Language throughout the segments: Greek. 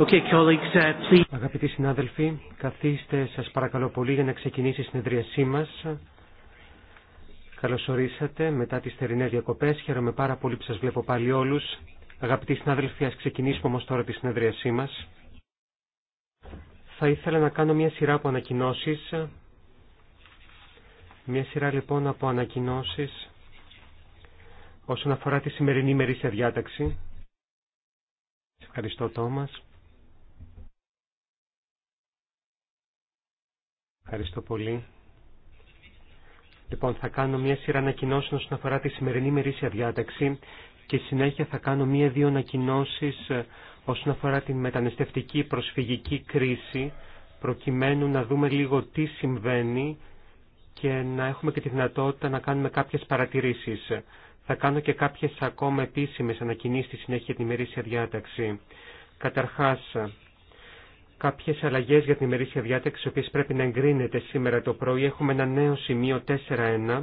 Okay, colleagues, uh, please. Αγαπητοί συνάδελφοι, καθίστε σας παρακαλώ πολύ για να ξεκινήσει η συνεδρίασή μας. Καλωσορίσατε μετά τις θερινές διακοπές. Χαίρομαι πάρα πολύ που σας βλέπω πάλι όλους. Αγαπητοί συνάδελφοι, ας ξεκινήσουμε όμως τώρα τη συνεδρίασή μας. Θα ήθελα να κάνω μια σειρά από ανακοινώσεις. Μια σειρά λοιπόν από ανακοινώσεις όσον αφορά τη σημερινή ημερήσια διάταξη. Ευχαριστώ Τόμας. Ευχαριστώ πολύ. Λοιπόν, θα κάνω μια σειρά ανακοινώσεων όσον αφορά τη σημερινή μερίσια διάταξη και συνέχεια θα κάνω μία-δύο ανακοινώσει ε, όσον αφορά την μεταναστευτική προσφυγική κρίση προκειμένου να δούμε λίγο τι συμβαίνει και να έχουμε και τη δυνατότητα να κάνουμε κάποιες παρατηρήσεις. Θα κάνω και κάποιες ακόμα επίσημες ανακοινήσεις στη συνέχεια τη μερίσια διάταξη. Καταρχάς, Κάποιε αλλαγές για την ημερήσια διάταξη, οι οποίε πρέπει να εγκρίνεται σήμερα το πρωί. Έχουμε ένα νέο σημείο 4.1.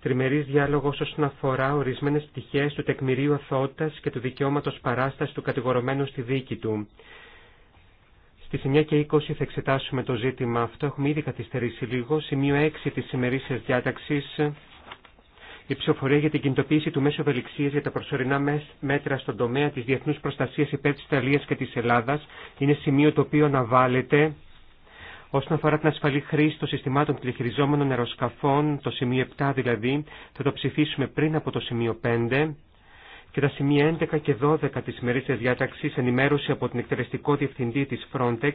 Τριμερής διάλογος όσον αφορά ορισμένες πτυχέ του τεκμηρίου αθότητα και του δικαιώματο παράσταση του κατηγορωμένου στη δίκη του. Στις 9 και 20 θα εξετάσουμε το ζήτημα αυτό. Έχουμε ήδη καθυστερήσει λίγο. Σημείο 6 τη ημερήσια διάταξη η ψηφοφορία για την κινητοποίηση του μέσου ευελιξία για τα προσωρινά μέτρα στον τομέα τη διεθνού προστασία υπέρ τη Ιταλία και τη Ελλάδα είναι σημείο το οποίο αναβάλλεται όσον αφορά την ασφαλή χρήση των συστημάτων τηλεχειριζόμενων αεροσκαφών, το σημείο 7 δηλαδή, θα το ψηφίσουμε πριν από το σημείο 5 και τα σημεία 11 και 12 της της διάταξης ενημέρωση από την εκτελεστικό διευθυντή της Frontex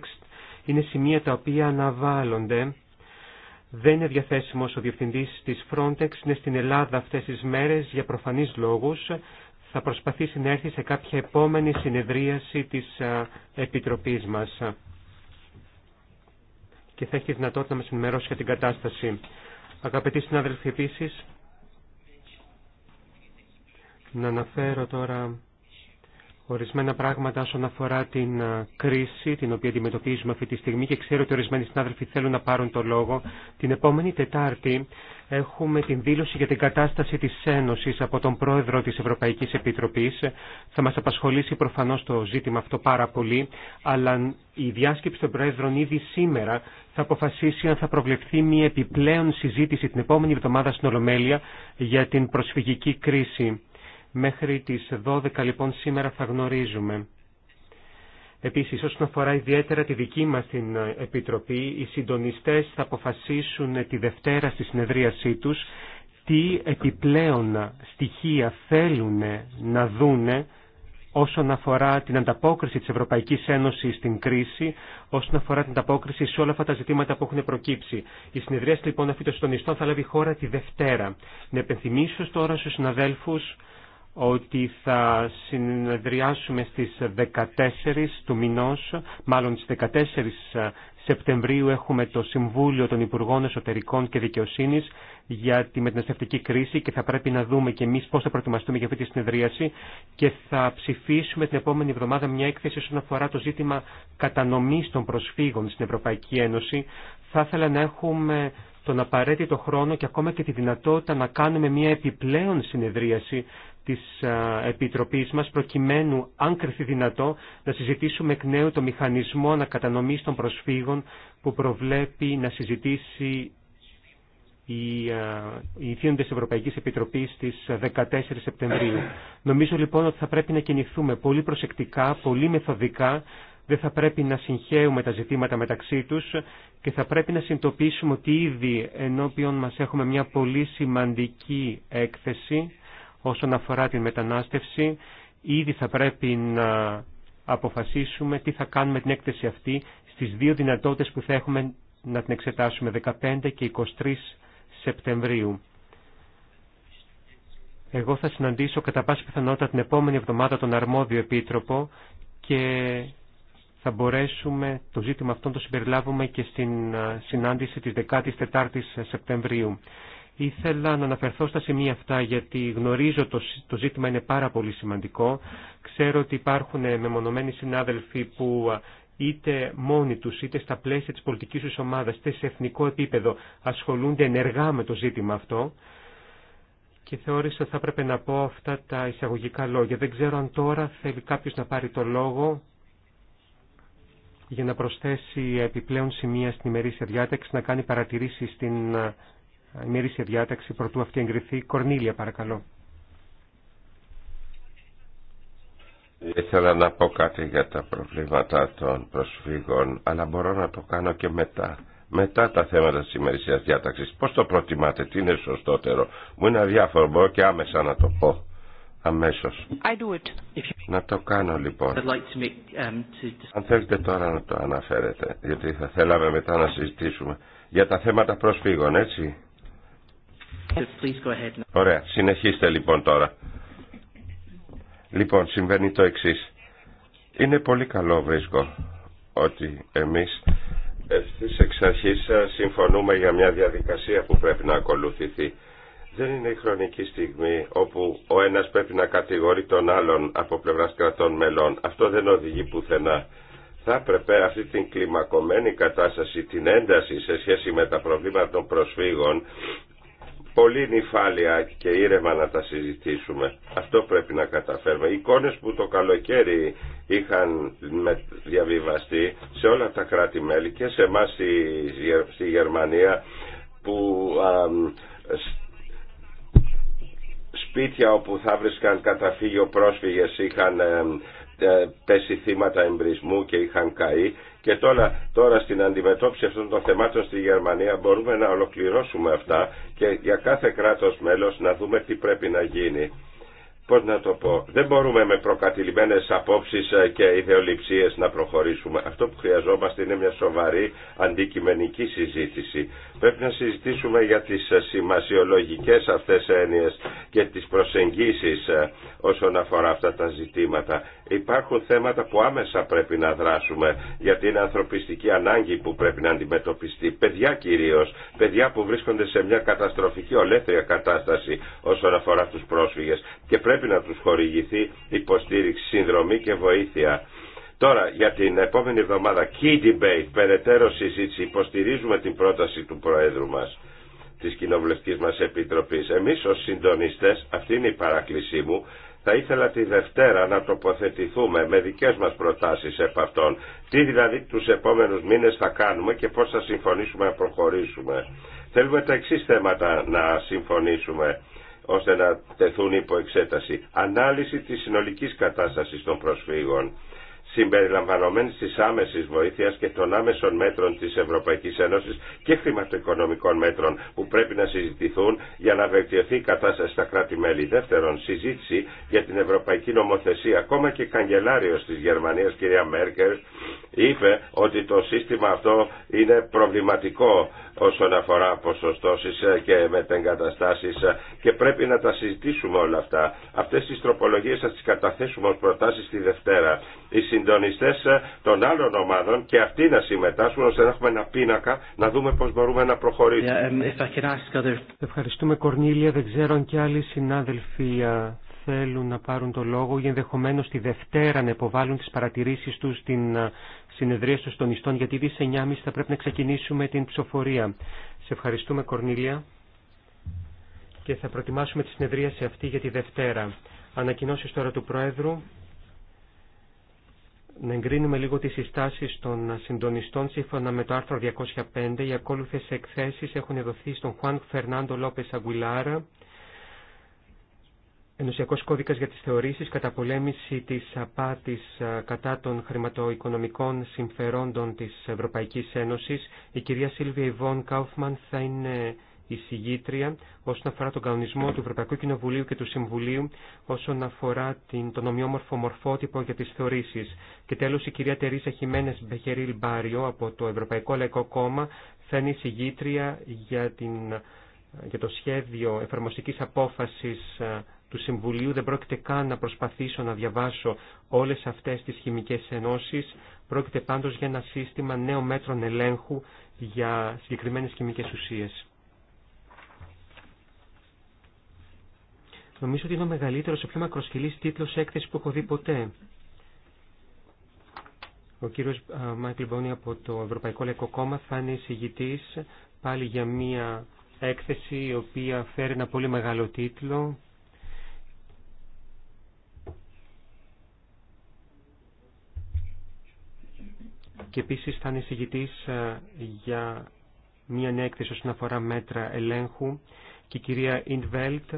είναι σημεία τα οποία αναβάλλονται δεν είναι διαθέσιμος ο διευθυντής της Frontex, είναι στην Ελλάδα αυτές τις μέρες για προφανείς λόγους. Θα προσπαθήσει να έρθει σε κάποια επόμενη συνεδρίαση της Επιτροπής μας και θα έχει δυνατότητα να μας ενημερώσει για την κατάσταση. Αγαπητοί συνάδελφοι, επίσης, να αναφέρω τώρα ορισμένα πράγματα όσον αφορά την ε, κρίση την οποία αντιμετωπίζουμε αυτή τη στιγμή και ξέρω ότι ορισμένοι συνάδελφοι θέλουν να πάρουν το λόγο. Την επόμενη Τετάρτη έχουμε την δήλωση για την κατάσταση της Ένωσης από τον Πρόεδρο της Ευρωπαϊκής Επιτροπής. Θα μας απασχολήσει προφανώς το ζήτημα αυτό πάρα πολύ, αλλά η διάσκεψη των Πρόεδρων ήδη σήμερα θα αποφασίσει αν θα προβλεφθεί μια επιπλέον συζήτηση την επόμενη εβδομάδα στην Ολομέλεια για την προσφυγική κρίση. Μέχρι τις 12 λοιπόν σήμερα θα γνωρίζουμε. Επίσης, όσον αφορά ιδιαίτερα τη δική μας την ε, Επιτροπή, οι συντονιστές θα αποφασίσουν ε, τη Δευτέρα στη συνεδρίασή τους τι επιπλέον στοιχεία θέλουν ε, να δούνε όσον αφορά την ανταπόκριση της Ευρωπαϊκής Ένωσης στην κρίση, όσον αφορά την ανταπόκριση σε όλα αυτά τα ζητήματα που έχουν προκύψει. Η συνεδρίαση λοιπόν αυτή των συντονιστών θα λάβει χώρα τη Δευτέρα. Να επενθυμίσω τώρα στους συναδέλφους ότι θα συνεδριάσουμε στις 14 του μηνός, μάλλον στις 14 Σεπτεμβρίου έχουμε το Συμβούλιο των Υπουργών Εσωτερικών και Δικαιοσύνης για τη μεταναστευτική κρίση και θα πρέπει να δούμε και εμείς πώς θα προετοιμαστούμε για αυτή τη συνεδρίαση και θα ψηφίσουμε την επόμενη εβδομάδα μια έκθεση όσον αφορά το ζήτημα κατανομής των προσφύγων στην Ευρωπαϊκή Ένωση. Θα ήθελα να έχουμε τον απαραίτητο χρόνο και ακόμα και τη δυνατότητα να κάνουμε μια επιπλέον συνεδρίαση της Επιτροπής μας προκειμένου, αν κρυθεί δυνατό, να συζητήσουμε εκ νέου το μηχανισμό ανακατανομής των προσφύγων που προβλέπει να συζητήσει η της Ευρωπαϊκής Επιτροπής στις 14 Σεπτεμβρίου. Νομίζω λοιπόν ότι θα πρέπει να κινηθούμε πολύ προσεκτικά, πολύ μεθοδικά, δεν θα πρέπει να συγχαίουμε τα ζητήματα μεταξύ τους και θα πρέπει να συνειδητοποιήσουμε ότι ήδη ενώπιον μας έχουμε μια πολύ σημαντική έκθεση Όσον αφορά την μετανάστευση, ήδη θα πρέπει να αποφασίσουμε τι θα κάνουμε την έκθεση αυτή στις δύο δυνατότητες που θα έχουμε να την εξετάσουμε 15 και 23 Σεπτεμβρίου. Εγώ θα συναντήσω κατά πάση πιθανότητα την επόμενη εβδομάδα τον αρμόδιο επίτροπο και θα μπορέσουμε το ζήτημα αυτό να το συμπεριλάβουμε και στην ε, συνάντηση της 14 Σεπτεμβρίου. Ήθελα να αναφερθώ στα σημεία αυτά γιατί γνωρίζω το, το ζήτημα είναι πάρα πολύ σημαντικό. Ξέρω ότι υπάρχουν μεμονωμένοι συνάδελφοι που είτε μόνοι τους είτε στα πλαίσια της πολιτικής τους ομάδας είτε σε εθνικό επίπεδο ασχολούνται ενεργά με το ζήτημα αυτό και θεώρησα θα έπρεπε να πω αυτά τα εισαγωγικά λόγια. Δεν ξέρω αν τώρα θέλει κάποιος να πάρει το λόγο για να προσθέσει επιπλέον σημεία στην ημερήσια διάταξη, να κάνει παρατηρήσεις στην ημερήσια διάταξη προτού αυτή εγκριθεί. Κορνίλια παρακαλώ. Ήθελα να πω κάτι για τα προβλήματα των προσφύγων, αλλά μπορώ να το κάνω και μετά. Μετά τα θέματα της ημερησίας διάταξης. Πώς το προτιμάτε, τι είναι σωστότερο. Μου είναι αδιάφορο, μπορώ και άμεσα να το πω. Αμέσως. Να το κάνω λοιπόν. Um, Αν θέλετε τώρα να το αναφέρετε, γιατί θα θέλαμε μετά να συζητήσουμε. Για τα θέματα προσφύγων, έτσι. Ωραία, συνεχίστε λοιπόν τώρα. Λοιπόν, συμβαίνει το εξή. Είναι πολύ καλό βρίσκω ότι εμείς ευθύς εξ αρχής ε, συμφωνούμε για μια διαδικασία που πρέπει να ακολουθηθεί. Δεν είναι η χρονική στιγμή όπου ο ένας πρέπει να κατηγορεί τον άλλον από πλευράς κρατών μελών. Αυτό δεν οδηγεί πουθενά. Θα έπρεπε αυτή την κλιμακωμένη κατάσταση, την ένταση σε σχέση με τα προβλήματα των προσφύγων πολύ νυφάλια και ήρεμα να τα συζητήσουμε. Αυτό πρέπει να καταφέρουμε. Οι εικόνες που το καλοκαίρι είχαν διαβιβαστεί σε όλα τα κράτη-μέλη και σε εμά στη Γερμανία που σπίτια όπου θα βρίσκαν καταφύγιο πρόσφυγες είχαν ε, πέσει θύματα εμπρισμού και είχαν καεί και τώρα, τώρα στην αντιμετώπιση αυτών των θεμάτων στη Γερμανία μπορούμε να ολοκληρώσουμε αυτά και για κάθε κράτος μέλος να δούμε τι πρέπει να γίνει πώς να το πω, δεν μπορούμε με προκατηλημένες απόψεις ε, και ιδεολειψίες να προχωρήσουμε. Αυτό που χρειαζόμαστε είναι μια σοβαρή αντικειμενική συζήτηση. Πρέπει να συζητήσουμε για τις ε, σημασιολογικές αυτές έννοιες και τις προσεγγίσεις ε, όσον αφορά αυτά τα ζητήματα. Υπάρχουν θέματα που άμεσα πρέπει να δράσουμε για την ανθρωπιστική ανάγκη που πρέπει να αντιμετωπιστεί. Παιδιά κυρίως, παιδιά που βρίσκονται σε μια καταστροφική ολέθρια κατάσταση όσον αφορά τους πρόσφυγες. Και πρέπει να τους χορηγηθεί υποστήριξη, συνδρομή και βοήθεια. Τώρα για την επόμενη εβδομάδα key debate, περαιτέρω συζήτηση, υποστηρίζουμε την πρόταση του Προέδρου μας της Κοινοβουλευτικής μας Επιτροπής. Εμείς ως συντονιστές, αυτή είναι η παράκλησή μου, θα ήθελα τη Δευτέρα να τοποθετηθούμε με δικές μας προτάσεις επ' αυτών. Τι δηλαδή τους επόμενους μήνες θα κάνουμε και πώς θα συμφωνήσουμε να προχωρήσουμε. Θέλουμε τα εξή θέματα να συμφωνήσουμε ώστε να τεθούν υπό εξέταση. Ανάλυση της συνολικής κατάστασης των προσφύγων συμπεριλαμβανομένη τη άμεση βοήθεια και των άμεσων μέτρων τη Ευρωπαϊκή Ένωση και χρηματοοικονομικών μέτρων που πρέπει να συζητηθούν για να βελτιωθεί η κατάσταση στα κράτη-μέλη. Δεύτερον, συζήτηση για την Ευρωπαϊκή Νομοθεσία. Ακόμα και καγκελάριο τη Γερμανία, κυρία Μέρκελ, είπε ότι το σύστημα αυτό είναι προβληματικό όσον αφορά ποσοστώσεις ε, και μετεγκαταστάσεις ε, και πρέπει να τα συζητήσουμε όλα αυτά. Αυτές τις τροπολογίες θα τις καταθέσουμε ως προτάσεις τη Δευτέρα. Οι συντονιστές ε, των άλλων ομάδων και αυτοί να συμμετάσχουν ώστε να έχουμε ένα πίνακα να δούμε πώς μπορούμε να προχωρήσουμε. Um, Ευχαριστούμε Κορνίλια, δεν ξέρω αν και άλλοι συνάδελφοι θέλουν να πάρουν το λόγο ή ενδεχομένως τη Δευτέρα να υποβάλουν τις παρατηρήσεις τους στην Συνεδρία των ιστών, γιατί ήδη σε 9.30 θα πρέπει να ξεκινήσουμε την ψηφοφορία. Σε ευχαριστούμε, Κορνίλια, και θα προτιμάσουμε τη συνεδρίαση αυτή για τη Δευτέρα. Ανακοινώσεις τώρα του Πρόεδρου. Να εγκρίνουμε λίγο τις συστάσεις των συντονιστών σύμφωνα με το άρθρο 205. Οι ακόλουθες εκθέσεις έχουν δοθεί στον Χουάν Φερνάντο Λόπες Αγουιλάρα ενωσιακό κώδικα για τις κατά πολέμηση της απάτης κατά των χρηματοοικονομικών συμφερόντων τη Ευρωπαϊκή Ένωση. Η κυρία Σίλβια Ιβόν Κάουφμαν θα είναι η συγγήτρια όσον αφορά τον κανονισμό του Ευρωπαϊκού Κοινοβουλίου και του Συμβουλίου όσον αφορά την, τον ομοιόμορφο μορφότυπο για τις θεωρήσεις. Και τέλος η κυρία Τερίσα Χιμένες Μπεχερίλ Μπάριο από το Ευρωπαϊκό Λαϊκό Κόμμα θα είναι η συγγήτρια για, την, για το σχέδιο εφαρμοστικής απόφασης του Συμβουλίου δεν πρόκειται καν να προσπαθήσω να διαβάσω όλες αυτές τις χημικές ενώσεις. Πρόκειται πάντως για ένα σύστημα νέων μέτρων ελέγχου για συγκεκριμένες χημικές ουσίες. Νομίζω ότι είναι ο μεγαλύτερος, ο πιο μακροσκελής τίτλος έκθεση που έχω δει ποτέ. Ο κύριος Μάικλ Μπόνι από το Ευρωπαϊκό Λαϊκό Κόμμα θα είναι εισηγητής πάλι για μία έκθεση η οποία φέρει ένα πολύ μεγάλο τίτλο και επίσης θα είναι εισηγητής ε, για μία νέα έκθεση όσον αφορά μέτρα ελέγχου και η κυρία Ιντβέλτ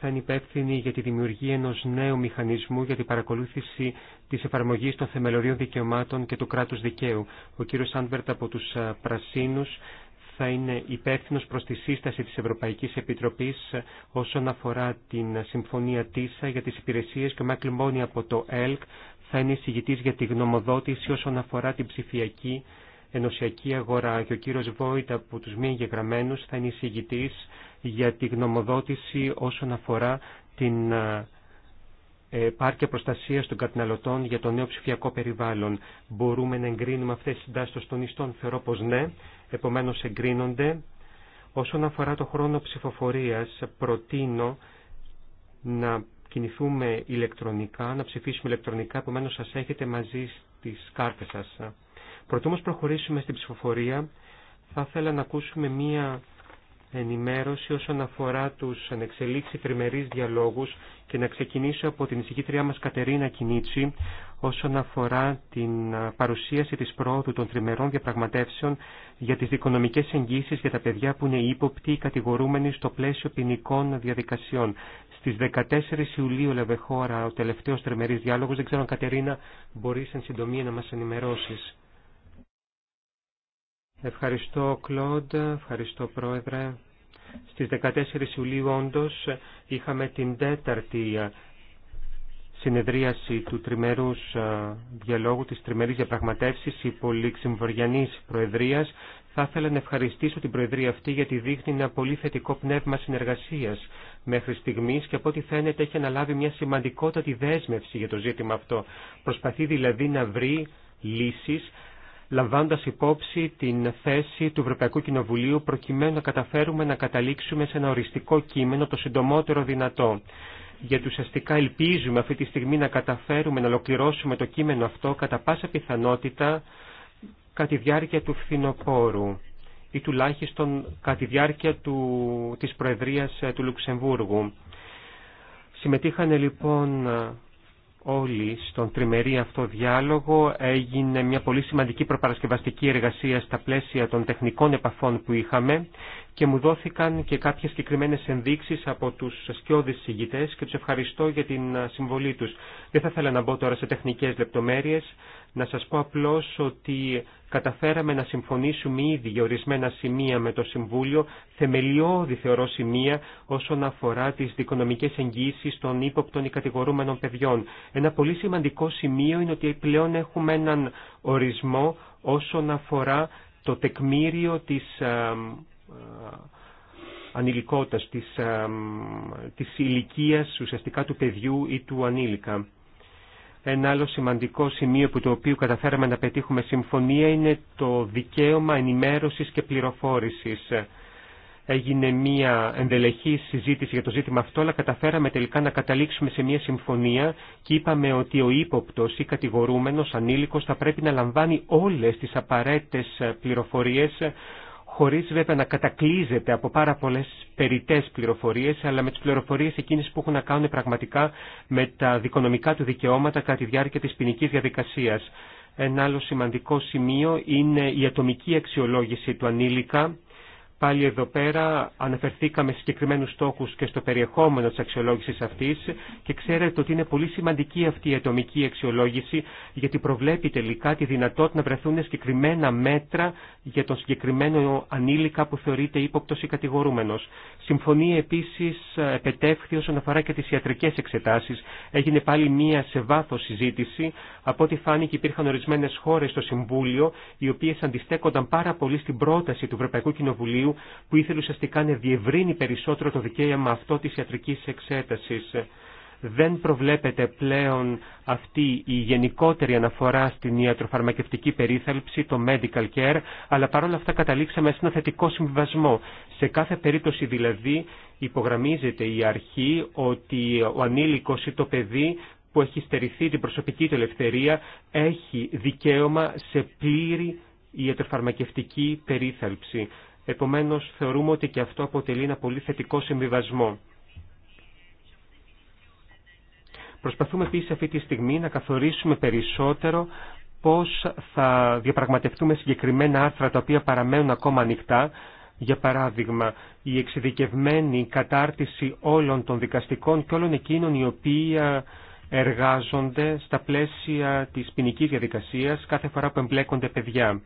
θα είναι υπεύθυνη για τη δημιουργία ενός νέου μηχανισμού για την παρακολούθηση της εφαρμογής των θεμελωρίων δικαιωμάτων και του κράτους δικαίου. Ο κύριος Άνβερτ από τους ε, Πρασίνους θα είναι υπεύθυνο προ τη σύσταση τη Ευρωπαϊκή Επιτροπή ε, όσον αφορά την συμφωνία ΤΙΣΑ για τι υπηρεσίε και ο Μάκλ Μόνι από το ΕΛΚ θα είναι εισηγητής για τη γνωμοδότηση όσον αφορά την ψηφιακή ενωσιακή αγορά και ο κύριος Βόητα από τους μη εγγεγραμμένους θα είναι εισηγητής για τη γνωμοδότηση όσον αφορά την ε, ε, πάρκια προστασία των καταναλωτών για το νέο ψηφιακό περιβάλλον. Μπορούμε να εγκρίνουμε αυτές τις συντάσεις των ιστών, θεωρώ πως ναι, επομένως εγκρίνονται. Όσον αφορά το χρόνο ψηφοφορίας, προτείνω να κινηθούμε ηλεκτρονικά, να ψηφίσουμε ηλεκτρονικά, επομένω σας έχετε μαζί στις κάρτες σας. Πρωτού όμως προχωρήσουμε στην ψηφοφορία, θα ήθελα να ακούσουμε μία ενημέρωση όσον αφορά τους ανεξελίξει τριμερείς διαλόγους και να ξεκινήσω από την εισηγήτριά μας Κατερίνα Κινίτσι όσον αφορά την παρουσίαση της πρόοδου των τριμερών διαπραγματεύσεων για τις δικονομικές εγγύσεις για τα παιδιά που είναι ύποπτοι ή κατηγορούμενοι στο πλαίσιο ποινικών διαδικασιών. Στις 14 Ιουλίου Λεβεχώρα, χώρα ο τελευταίος τριμερής διάλογος. Δεν ξέρω αν Κατερίνα μπορείς εν συντομία να μας ενημερώσεις. Ευχαριστώ Κλοντ, ευχαριστώ Πρόεδρε. Στις 14 Ιουλίου όντως είχαμε την τέταρτη συνεδρίαση του τριμερού ε, διαλόγου, τη της διαπραγματεύση υπό υπολήξιμβοριανής προεδρία. Θα ήθελα να ευχαριστήσω την Προεδρία αυτή γιατί δείχνει ένα πολύ θετικό πνεύμα συνεργασία μέχρι στιγμή και από ό,τι φαίνεται έχει αναλάβει μια σημαντικότατη δέσμευση για το ζήτημα αυτό. Προσπαθεί δηλαδή να βρει λύσει λαμβάνοντα υπόψη την θέση του Ευρωπαϊκού Κοινοβουλίου προκειμένου να καταφέρουμε να καταλήξουμε σε ένα οριστικό κείμενο το συντομότερο δυνατό γιατί ουσιαστικά ελπίζουμε αυτή τη στιγμή να καταφέρουμε να ολοκληρώσουμε το κείμενο αυτό κατά πάσα πιθανότητα κατά τη διάρκεια του φθινοπόρου ή τουλάχιστον κατά τη διάρκεια του, της Προεδρίας ε, του Λουξεμβούργου. Συμμετείχαν ε, λοιπόν ε, όλοι στον τριμερή αυτό διάλογο. Έγινε μια πολύ σημαντική προπαρασκευαστική εργασία στα πλαίσια των τεχνικών επαφών που είχαμε και μου δόθηκαν και κάποιες συγκεκριμένε ενδείξεις από τους σκιώδεις συγγητές και τους ευχαριστώ για την συμβολή τους. Δεν θα ήθελα να μπω τώρα σε τεχνικές λεπτομέρειες, να σας πω απλώς ότι καταφέραμε να συμφωνήσουμε ήδη για ορισμένα σημεία με το Συμβούλιο, θεμελιώδη θεωρώ σημεία όσον αφορά τις δικονομικές εγγύσεις των ύποπτων ή κατηγορούμενων παιδιών. Ένα πολύ σημαντικό σημείο είναι ότι πλέον έχουμε έναν ορισμό όσον αφορά το τεκμήριο της ε, ανηλικότητας, της, ε, της ηλικίας ουσιαστικά του παιδιού ή του ανήλικα. Ένα άλλο σημαντικό σημείο που το οποίο καταφέραμε να πετύχουμε συμφωνία είναι το δικαίωμα ενημέρωσης και πληροφόρησης. Έγινε μια ενδελεχή συζήτηση για το ζήτημα αυτό, αλλά καταφέραμε τελικά να καταλήξουμε σε μια συμφωνία και είπαμε ότι ο ύποπτο ή κατηγορούμενος ανήλικος θα πρέπει να λαμβάνει όλες τις απαραίτητες πληροφορίες χωρίς βέβαια να κατακλείζεται από πάρα πολλές περιττές πληροφορίες, αλλά με τις πληροφορίες εκείνες που έχουν να κάνουν πραγματικά με τα δικονομικά του δικαιώματα κατά τη διάρκεια της ποινική διαδικασίας. Ένα άλλο σημαντικό σημείο είναι η ατομική αξιολόγηση του ανήλικα, Πάλι εδώ πέρα αναφερθήκαμε σε συγκεκριμένους στόχους και στο περιεχόμενο της αξιολόγησης αυτής και ξέρετε ότι είναι πολύ σημαντική αυτή η ατομική αξιολόγηση γιατί προβλέπει τελικά τη δυνατότητα να βρεθούν συγκεκριμένα μέτρα για τον συγκεκριμένο ανήλικα που θεωρείται ύποπτος ή κατηγορούμενος. Συμφωνεί επίσης ε, επετεύχθη όσον αφορά και τις ιατρικές εξετάσεις. Έγινε πάλι μία σε βάθος συζήτηση. Από ό,τι φάνηκε υπήρχαν ορισμένες χώρες στο Συμβούλιο οι οποίες αντιστέκονταν πάρα πολύ στην πρόταση του Ευρωπαϊκού Κοινοβουλίου που ήθελε ουσιαστικά να διευρύνει περισσότερο το δικαίωμα αυτό της ιατρικής εξέτασης. Δεν προβλέπεται πλέον αυτή η γενικότερη αναφορά στην ιατροφαρμακευτική περίθαλψη, το medical care, αλλά παρόλα αυτά καταλήξαμε σε ένα θετικό συμβιβασμό. Σε κάθε περίπτωση δηλαδή υπογραμμίζεται η αρχή ότι ο ανήλικος ή το παιδί που έχει στερηθεί την προσωπική του ελευθερία έχει δικαίωμα σε πλήρη ιατροφαρμακευτική περίθαλψη. Επομένως, θεωρούμε ότι και αυτό αποτελεί ένα πολύ θετικό συμβιβασμό. Προσπαθούμε επίσης αυτή τη στιγμή να καθορίσουμε περισσότερο πώς θα διαπραγματευτούμε συγκεκριμένα άρθρα τα οποία παραμένουν ακόμα ανοιχτά, για παράδειγμα, η εξειδικευμένη κατάρτιση όλων των δικαστικών και όλων εκείνων οι οποίοι εργάζονται στα πλαίσια της ποινική διαδικασίας κάθε φορά που εμπλέκονται παιδιά.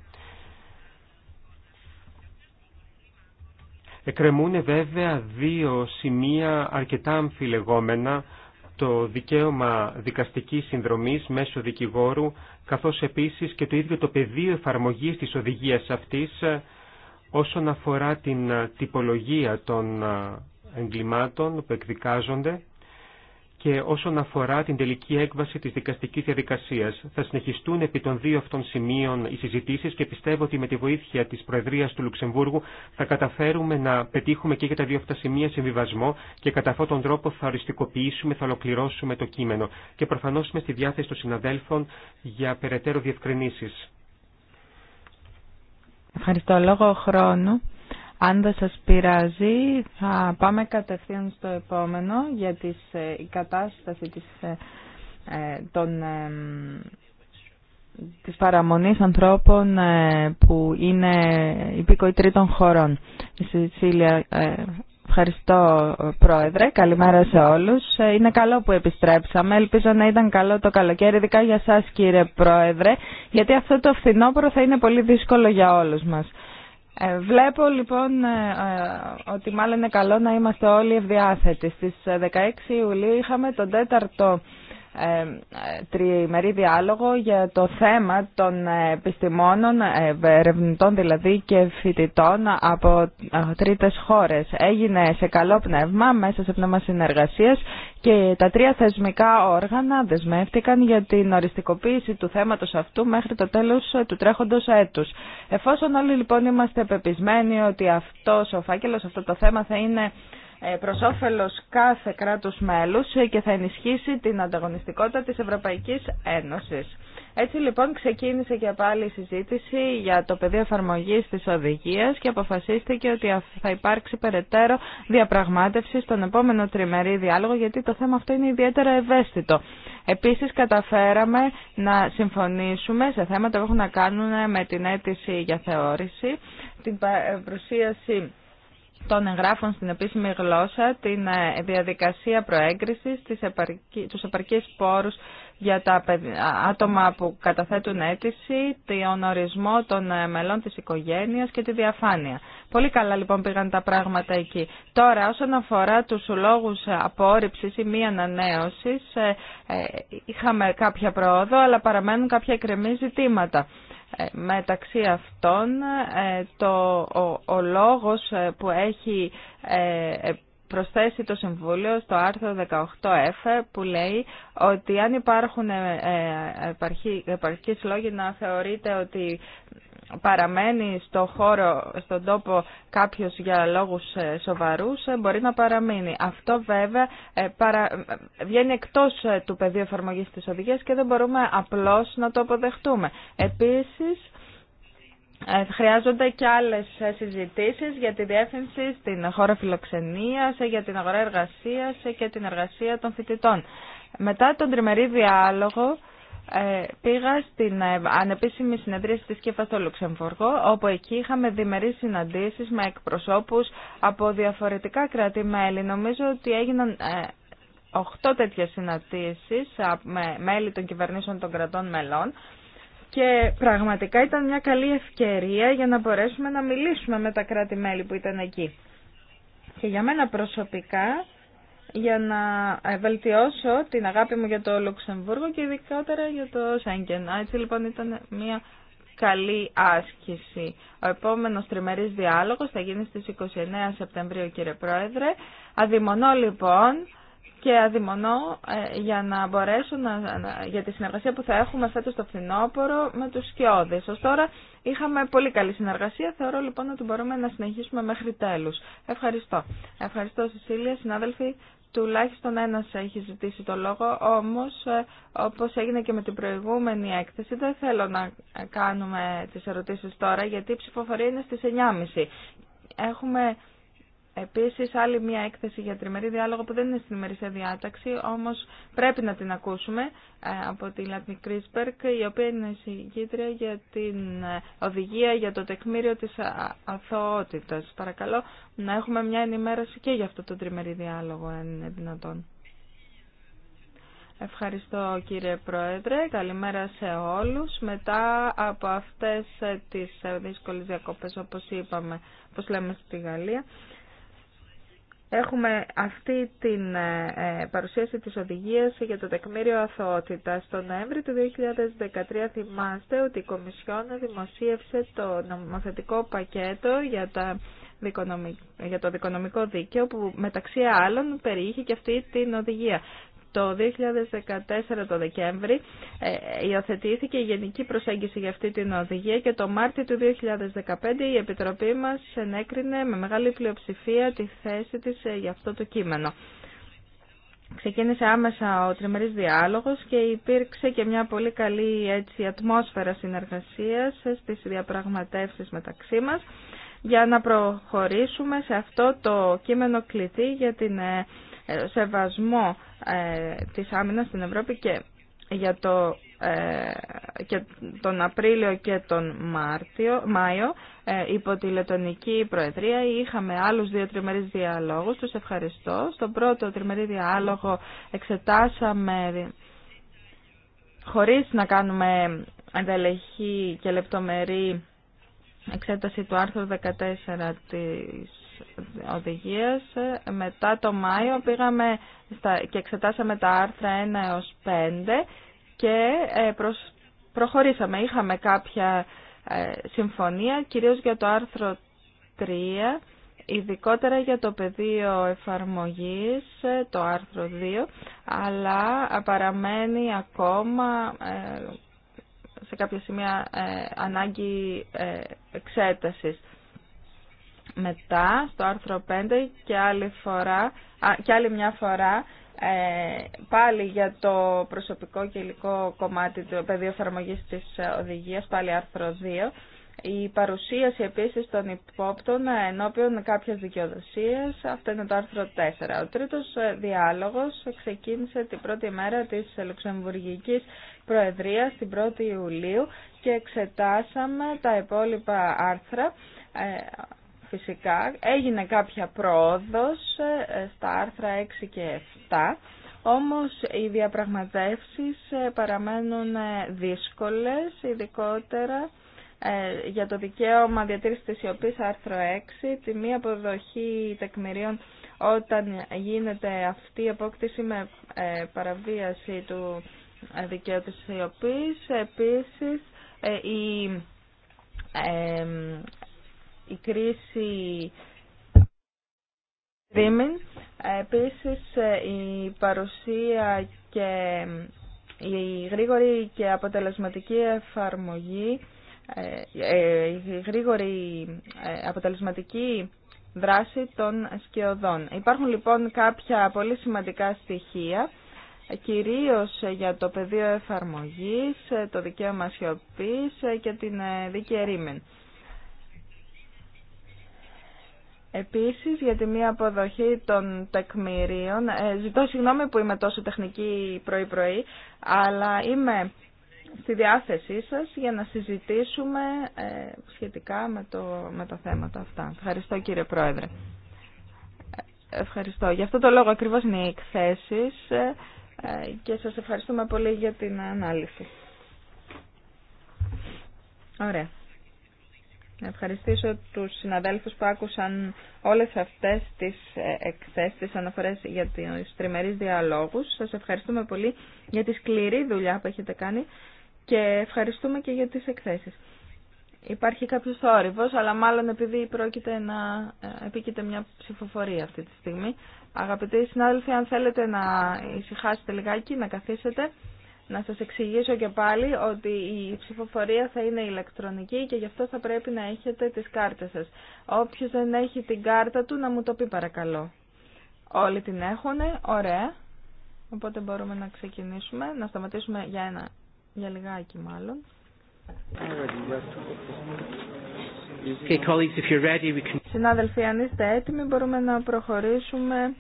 Εκκρεμούν βέβαια δύο σημεία αρκετά αμφιλεγόμενα, το δικαίωμα δικαστικής συνδρομής μέσω δικηγόρου, καθώς επίσης και το ίδιο το πεδίο εφαρμογής της οδηγίας αυτής ε, όσον αφορά την ε, τυπολογία των ε, εγκλημάτων που εκδικάζονται και όσον αφορά την τελική έκβαση της δικαστικής διαδικασίας. Θα συνεχιστούν επί των δύο αυτών σημείων οι συζητήσεις και πιστεύω ότι με τη βοήθεια της Προεδρίας του Λουξεμβούργου θα καταφέρουμε να πετύχουμε και για τα δύο αυτά σημεία συμβιβασμό και κατά αυτόν τον τρόπο θα οριστικοποιήσουμε, θα ολοκληρώσουμε το κείμενο. Και προφανώς είμαι στη διάθεση των συναδέλφων για περαιτέρω διευκρινήσεις. Ευχαριστώ. Λόγω χρόνου αν δεν σας πειράζει, θα πάμε κατευθείαν στο επόμενο για τις, ε, η κατάσταση της, ε, ε, των, της παραμονής ανθρώπων που είναι υπήκοοι τρίτων χωρών. Η Ευχαριστώ Πρόεδρε, καλημέρα σε όλους. Είναι καλό που επιστρέψαμε, ελπίζω να ήταν καλό το καλοκαίρι, ειδικά για σας κύριε Πρόεδρε, γιατί αυτό το φθινόπωρο θα είναι πολύ δύσκολο για όλους μας. Ε, βλέπω λοιπόν ε, ε, ότι μάλλον είναι καλό να είμαστε όλοι ευδιάθετοι. Στις 16 Ιουλίου είχαμε τον τέταρτο ε, τριημερή διάλογο για το θέμα των επιστημόνων, ε, ερευνητών δηλαδή και φοιτητών από ε, τρίτες χώρες. Έγινε σε καλό πνεύμα, μέσα σε πνεύμα συνεργασίας και τα τρία θεσμικά όργανα δεσμεύτηκαν για την οριστικοποίηση του θέματος αυτού μέχρι το τέλος του τρέχοντος έτους. Εφόσον όλοι λοιπόν είμαστε πεπισμένοι ότι αυτός ο φάκελος, αυτό το θέμα θα είναι ε, προς όφελος κάθε κράτους μέλους ε, και θα ενισχύσει την ανταγωνιστικότητα της Ευρωπαϊκής Ένωσης. Έτσι λοιπόν ξεκίνησε και πάλι η συζήτηση για το πεδίο εφαρμογή της οδηγίας και αποφασίστηκε ότι θα υπάρξει περαιτέρω διαπραγμάτευση στον επόμενο τριμερή διάλογο γιατί το θέμα αυτό είναι ιδιαίτερα ευαίσθητο. Επίσης καταφέραμε να συμφωνήσουμε σε θέματα που έχουν να κάνουν με την αίτηση για θεώρηση, την ε, παρουσίαση των εγγράφων στην επίσημη γλώσσα, την ε, διαδικασία προέγκρισης, τις επαρκή, τους επαρκείς πόρους για τα άτομα που καταθέτουν αίτηση, τον ορισμό των ε, μελών της οικογένειας και τη διαφάνεια. Πολύ καλά λοιπόν πήγαν τα πράγματα εκεί. Τώρα όσον αφορά τους λόγους απόρριψης ή μη ανανέωσης, ε, είχαμε κάποια πρόοδο αλλά παραμένουν κάποια εκκρεμή ζητήματα. Ε, μεταξύ αυτών, ε, το, ο, λόγος ε, που έχει προσθέσει το Συμβούλιο στο άρθρο 18F που λέει ότι αν υπάρχουν επαρχικές λόγοι να θεωρείται ότι παραμένει στο χώρο, στον τόπο κάποιος για λόγους ε, σοβαρούς, ε, μπορεί να παραμείνει. Αυτό βέβαια ε, παρα... βγαίνει εκτός του πεδίου εφαρμογής της οδηγίας και δεν μπορούμε απλώς να το αποδεχτούμε. Επίσης, Χρειάζονται και άλλες συζητήσεις για τη διεύθυνση στην χώρα φιλοξενίας, για την αγορά εργασίας και την εργασία των φοιτητών. Μετά τον τριμερή διάλογο ε, πήγα στην ε, ανεπίσημη συνεδρίαση της ΚΕΦΑ στο Λουξεμβουργό, όπου εκεί είχαμε διμερείς συναντήσεις με εκπροσώπους από διαφορετικά κράτη-μέλη. Νομίζω ότι έγιναν ε, οχτώ τέτοιες συναντήσεις με μέλη των κυβερνήσεων των κρατών μελών και πραγματικά ήταν μια καλή ευκαιρία για να μπορέσουμε να μιλήσουμε με τα κράτη-μέλη που ήταν εκεί. Και για μένα προσωπικά για να βελτιώσω την αγάπη μου για το Λουξεμβούργο και ειδικότερα για το Σέγγεν. Έτσι λοιπόν ήταν μια καλή άσκηση. Ο επόμενος τριμερής διάλογος θα γίνει στις 29 Σεπτεμβρίου κύριε Πρόεδρε. Αδειμονώ λοιπόν και αδειμονώ ε, για, να μπορέσω για τη συνεργασία που θα έχουμε φέτος το φθινόπωρο με τους Σκιώδης. Ως τώρα είχαμε πολύ καλή συνεργασία, θεωρώ λοιπόν ότι μπορούμε να συνεχίσουμε μέχρι τέλους. Ευχαριστώ. Ευχαριστώ Σεσίλια, συνάδελφοι, τουλάχιστον ένας έχει ζητήσει το λόγο, όμως ε, όπως έγινε και με την προηγούμενη έκθεση δεν θέλω να κάνουμε τις ερωτήσεις τώρα γιατί η ψηφοφορία είναι στις 9.30. Έχουμε Επίσης, άλλη μια έκθεση για τριμερή διάλογο που δεν είναι στην ημερήσια διάταξη, όμως πρέπει να την ακούσουμε ε, από τη Λατνή Κρίσπερκ, η οποία είναι συγκήτρια για την ε, οδηγία για το τεκμήριο της αθωότητας. Παρακαλώ να έχουμε μια ενημέρωση και για αυτό το τριμερή διάλογο, αν είναι δυνατόν. Ευχαριστώ κύριε Πρόεδρε. Καλημέρα σε όλους. Μετά από αυτές ε, τις δύσκολες διακοπές όπως είπαμε, όπως λέμε στη Γαλλία, Έχουμε αυτή την ε, ε, παρουσίαση της οδηγίας για το τεκμήριο αθωότητας. Το Νοέμβρη του 2013 θυμάστε ότι η Κομισιόν δημοσίευσε το νομοθετικό πακέτο για, τα για το δικονομικό δίκαιο που μεταξύ άλλων περιείχε και αυτή την οδηγία. Το 2014 το Δεκέμβρη ε, υιοθετήθηκε η γενική προσέγγιση για αυτή την οδηγία και το Μάρτιο του 2015 η Επιτροπή μας ενέκρινε με μεγάλη πλειοψηφία τη θέση της ε, για αυτό το κείμενο. Ξεκίνησε άμεσα ο τριμερής διάλογος και υπήρξε και μια πολύ καλή έτσι, ατμόσφαιρα συνεργασίας ε, στις διαπραγματεύσεις μεταξύ μας για να προχωρήσουμε σε αυτό το κείμενο κλειδί για την ε, σεβασμό ε, της άμυνας στην Ευρώπη και για το, ε, και τον Απρίλιο και τον Μάρτιο, Μάιο υπό τη Λετωνική Προεδρία είχαμε άλλους δύο τριμερείς διαλόγους, τους ευχαριστώ. Στον πρώτο τριμερή διάλογο εξετάσαμε χωρίς να κάνουμε ανταλλαχή και λεπτομερή εξέταση του άρθρου 14 της οδηγίας. Μετά το Μάιο πήγαμε και εξετάσαμε τα άρθρα 1 έως 5 και ε, προχωρήσαμε. Είχαμε κάποια ε, συμφωνία, κυρίως για το άρθρο 3, ειδικότερα για το πεδίο εφαρμογής, ε, το άρθρο 2, αλλά παραμένει ακόμα σε κάποια σημεία ανάγκη εξέτασης. Μετά, στο άρθρο 5 και άλλη, φορά, και άλλη μια φορά, ε, πάλι για το προσωπικό και υλικό κομμάτι του πεδίου εφαρμογή της ε, οδηγίας, πάλι άρθρο 2, η παρουσίαση επίσης των υπόπτων ε, ενώπιον κάποιες δικαιοδοσίας, αυτό είναι το άρθρο 4. Ο τρίτος ε, διάλογος ξεκίνησε την πρώτη μέρα της Λουξεμβουργικής Προεδρίας, την 1η Ιουλίου και εξετάσαμε τα υπόλοιπα άρθρα Φυσικά έγινε κάποια πρόοδος ε, στα άρθρα 6 και 7, όμως οι διαπραγματεύσεις ε, παραμένουν ε, δύσκολες, ειδικότερα για το δικαίωμα διατήρησης της σιωπής άρθρο 6, τη μία αποδοχή τεκμηρίων όταν γίνεται αυτή η απόκτηση με παραβίαση του δικαίου της Επίσης, η η κρίση δίμην, Επίσης η παρουσία και η γρήγορη και αποτελεσματική εφαρμογή, ε, ε, η γρήγορη ε, αποτελεσματική δράση των σκιωδών. Υπάρχουν λοιπόν κάποια πολύ σημαντικά στοιχεία, κυρίως για το πεδίο εφαρμογής, το δικαίωμα σιωπής και την δίκαιη ρήμεν. Επίσης για τη μία αποδοχή των τεκμηρίων, ε, ζητώ συγγνώμη που είμαι τόσο τεχνική πρωί-πρωί, αλλά είμαι στη διάθεσή σας για να συζητήσουμε ε, σχετικά με, το, με τα θέματα αυτά. Ευχαριστώ κύριε Πρόεδρε. Ευχαριστώ. Γι' αυτό το λόγο ακριβώς είναι οι εκθέσεις ε, και σας ευχαριστούμε πολύ για την ανάλυση. Ωραία. Να ευχαριστήσω τους συναδέλφους που άκουσαν όλες αυτές τις ε, εκθέσεις, τις αναφορές για τους τριμερείς διαλόγους. Σας ευχαριστούμε πολύ για τη σκληρή δουλειά που έχετε κάνει και ευχαριστούμε και για τις εκθέσεις. Υπάρχει κάποιο θόρυβο, αλλά μάλλον επειδή πρόκειται να ε, επίκειται μια ψηφοφορία αυτή τη στιγμή. Αγαπητοί συνάδελφοι, αν θέλετε να ησυχάσετε λιγάκι, να καθίσετε. Να σας εξηγήσω και πάλι ότι η ψηφοφορία θα είναι ηλεκτρονική και γι' αυτό θα πρέπει να έχετε τις κάρτες σας. Όποιος δεν έχει την κάρτα του να μου το πει παρακαλώ. Όλοι την έχουν, ωραία. Οπότε μπορούμε να ξεκινήσουμε, να σταματήσουμε για ένα, για λιγάκι μάλλον. Okay, colleagues, if you're ready, we can... Συνάδελφοι, αν είστε έτοιμοι μπορούμε να προχωρήσουμε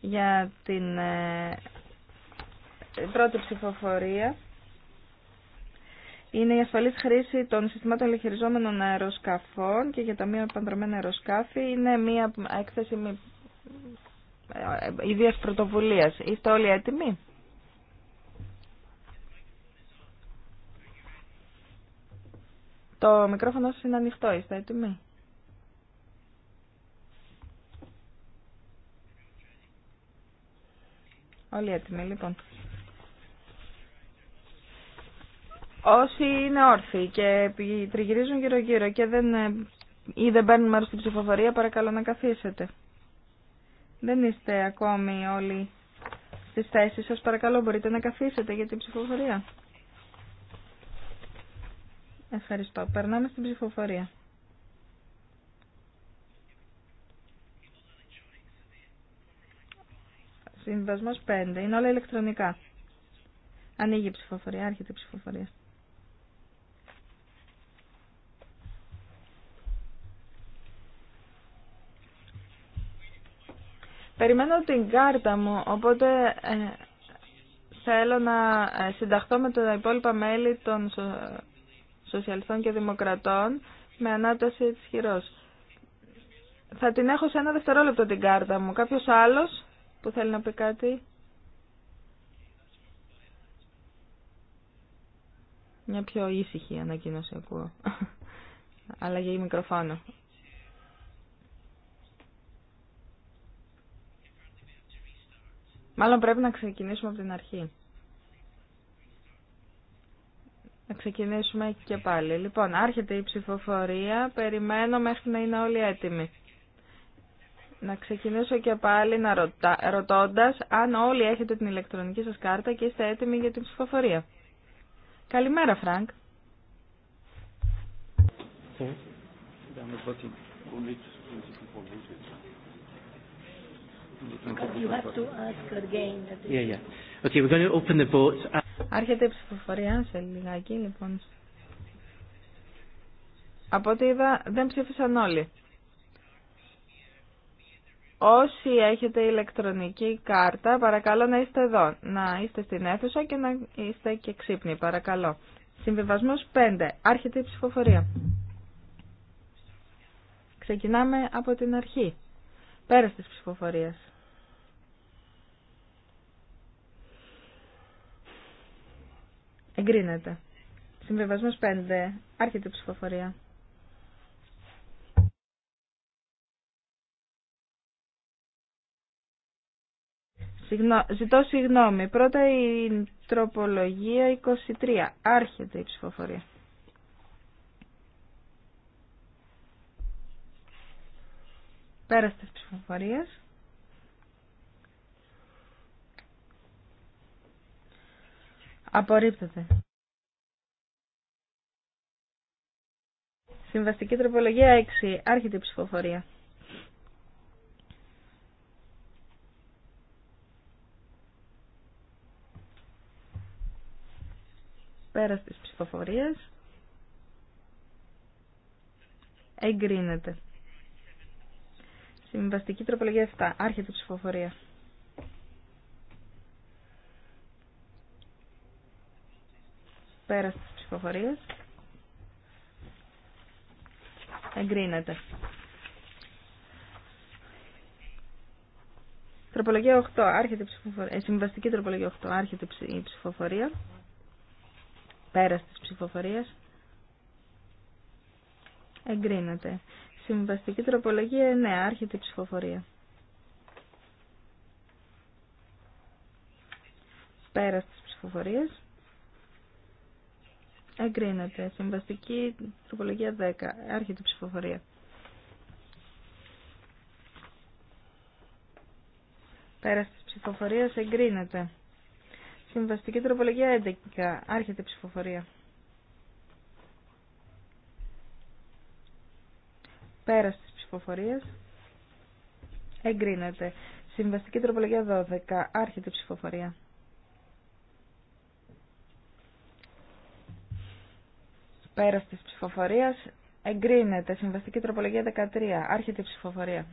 για την ε, πρώτη ψηφοφορία είναι η ασφαλής χρήση των συστημάτων ελεγχειριζόμενων αεροσκαφών και για τα μη επανδρομένα αεροσκάφη είναι μια έκθεση μη... Ε, ιδίας πρωτοβουλίας. Είστε όλοι έτοιμοι? Το μικρόφωνο σας είναι ανοιχτό. Είστε έτοιμοι? Όλοι έτοιμοι λοιπόν. όσοι είναι όρθιοι και τριγυρίζουν γύρω-γύρω και δεν, ε, ή δεν παίρνουν μέρος στην ψηφοφορία, παρακαλώ να καθίσετε. Δεν είστε ακόμη όλοι στις θέσεις σας. Παρακαλώ μπορείτε να καθίσετε για την ψηφοφορία. Ευχαριστώ. Περνάμε στην ψηφοφορία. Συμβασμός 5. Είναι όλα ηλεκτρονικά. Ανοίγει η ψηφοφορία. Άρχεται η ψηφοφορία. Περιμένω την κάρτα μου, οπότε ε, θέλω να ε, συνταχθώ με τα υπόλοιπα μέλη των Σοσιαλιστών και Δημοκρατών με ανάταση της χειρός. Θα την έχω σε ένα δευτερόλεπτο την κάρτα μου. Κάποιος άλλος που θέλει να πει κάτι. Μια πιο ήσυχη ανακοίνωση ακούω. Αλλαγή μικροφόνο. Μάλλον πρέπει να ξεκινήσουμε από την αρχή. Να ξεκινήσουμε και πάλι. Λοιπόν, άρχεται η ψηφοφορία. Περιμένω μέχρι να είναι όλοι έτοιμοι. Να ξεκινήσω και πάλι να ρωτά, ρωτώντας αν όλοι έχετε την ηλεκτρονική σας κάρτα και είστε έτοιμοι για την ψηφοφορία. Καλημέρα, Φρανκ. Hm. You have to ask again. Yeah, yeah. Okay, we're going to open the boat. Άρχεται η ψηφοφορία σε λιγάκι, λοιπόν. Από ό,τι είδα, δεν ψήφισαν όλοι. Όσοι έχετε ηλεκτρονική κάρτα, παρακαλώ να είστε εδώ, να είστε στην αίθουσα και να είστε και ξύπνοι, παρακαλώ. Συμβιβασμό 5. Άρχεται η ψηφοφορία. Ξεκινάμε από την αρχή. πέρα της ψηφοφορίας. Εγκρίνεται. Συμβιβασμό 5. Άρχεται η ψηφοφορία. Ζητώ συγγνώμη. Πρώτα η τροπολογία 23. Άρχεται η ψηφοφορία. Πέραστε της Απορρίπτεται. Συμβαστική τροπολογία 6. Άρχεται η ψηφοφορία. Πέρα της ψηφοφορίας. Εγκρίνεται. Συμβαστική τροπολογία 7. Άρχεται η ψηφοφορία. Πέρα στις ψηφοφορίες. Εγκρίνεται. Τροπολογία 8, άρχεται η ψηφοφορία. Ε, συμβαστική τροπολογία 8, άρχεται η ψηφοφορία. Πέρα της ψηφοφορία. Εγκρίνεται. Συμβαστική τροπολογία 9, άρχεται η ψηφοφορία. Πέρα της ψηφοφορία. Εγκρίνεται. Συμβαστική τροπολογία 10. Άρχεται η ψηφοφορία. Πέρα της ψηφοφορίας εγκρίνεται. Συμβαστική τροπολογία 11. Άρχεται η ψηφοφορία. Πέρα της ψηφοφορίας εγκρίνεται. Συμβαστική τροπολογία 12. Άρχεται η ψηφοφορία. πέρα της ψηφοφορία εγκρίνεται. Συμβαστική τροπολογία 13. Άρχεται η ψηφοφορία.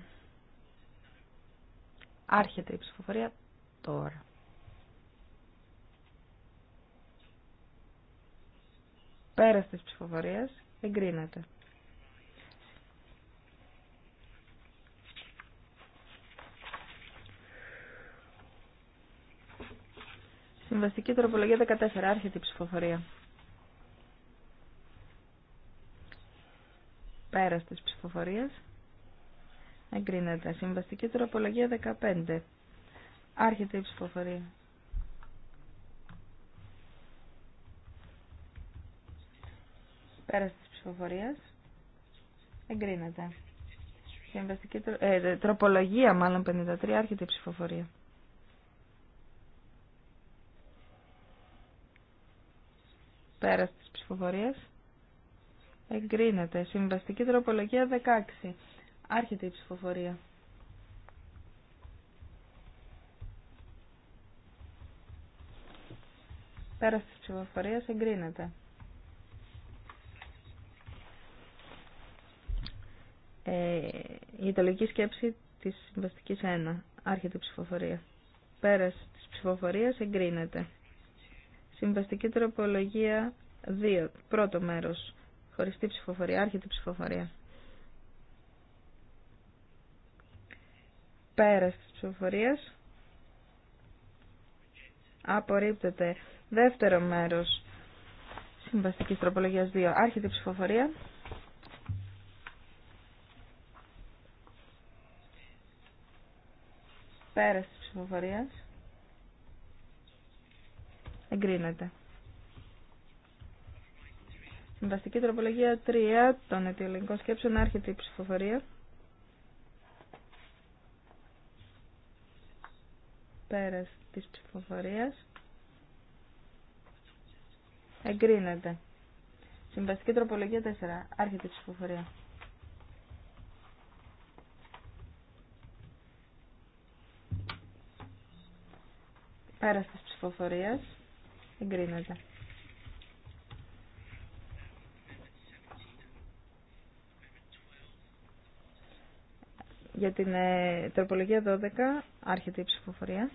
Άρχεται η ψηφοφορία τώρα. Πέρα της ψηφοφορία εγκρίνεται. Συμβαστική τροπολογία 14. Άρχεται η ψηφοφορία. Πέρας της ψηφοφορίας. Εγκρίνεται. Συμβαστική τροπολογία 15. Άρχεται η ψηφοφορία. Πέρας της ψηφοφορίας. Εγκρίνεται. Συμβαστική ε, τροπολογία μάλλον 53. Άρχεται η ψηφοφορία. Πέρας της ψηφοφορίας εγκρίνεται. Συμβαστική τροπολογία 16. Άρχεται η ψηφοφορία. Πέρα τη ψηφοφορία εγκρίνεται. Ε, η ιταλική σκέψη της συμβαστικής 1. Άρχεται η ψηφοφορία. Πέρας τη ψηφοφορία. εγκρίνεται. Συμβαστική τροπολογία 2. Πρώτο μέρος. Χωριστή ψηφοφορία, άρχεται ψηφοφορία. Πέρας της ψηφοφορίας. Απορρίπτεται. Δεύτερο μέρος συμβαστικής τροπολογίας 2. Άρχεται ψηφοφορία. Πέρας της ψηφοφορίας. Εγκρίνεται. Συμβαστική τροπολογία 3 των αιτιολογικών σκέψεων άρχεται η ψηφοφορία. Πέρας της ψηφοφορίας. Εγκρίνεται. Συμβαστική τροπολογία 4. Άρχεται η ψηφοφορία. Πέρας της ψηφοφορίας. Εγκρίνεται. Για την ε, τροπολογία 12 άρχεται η ψηφοφορία.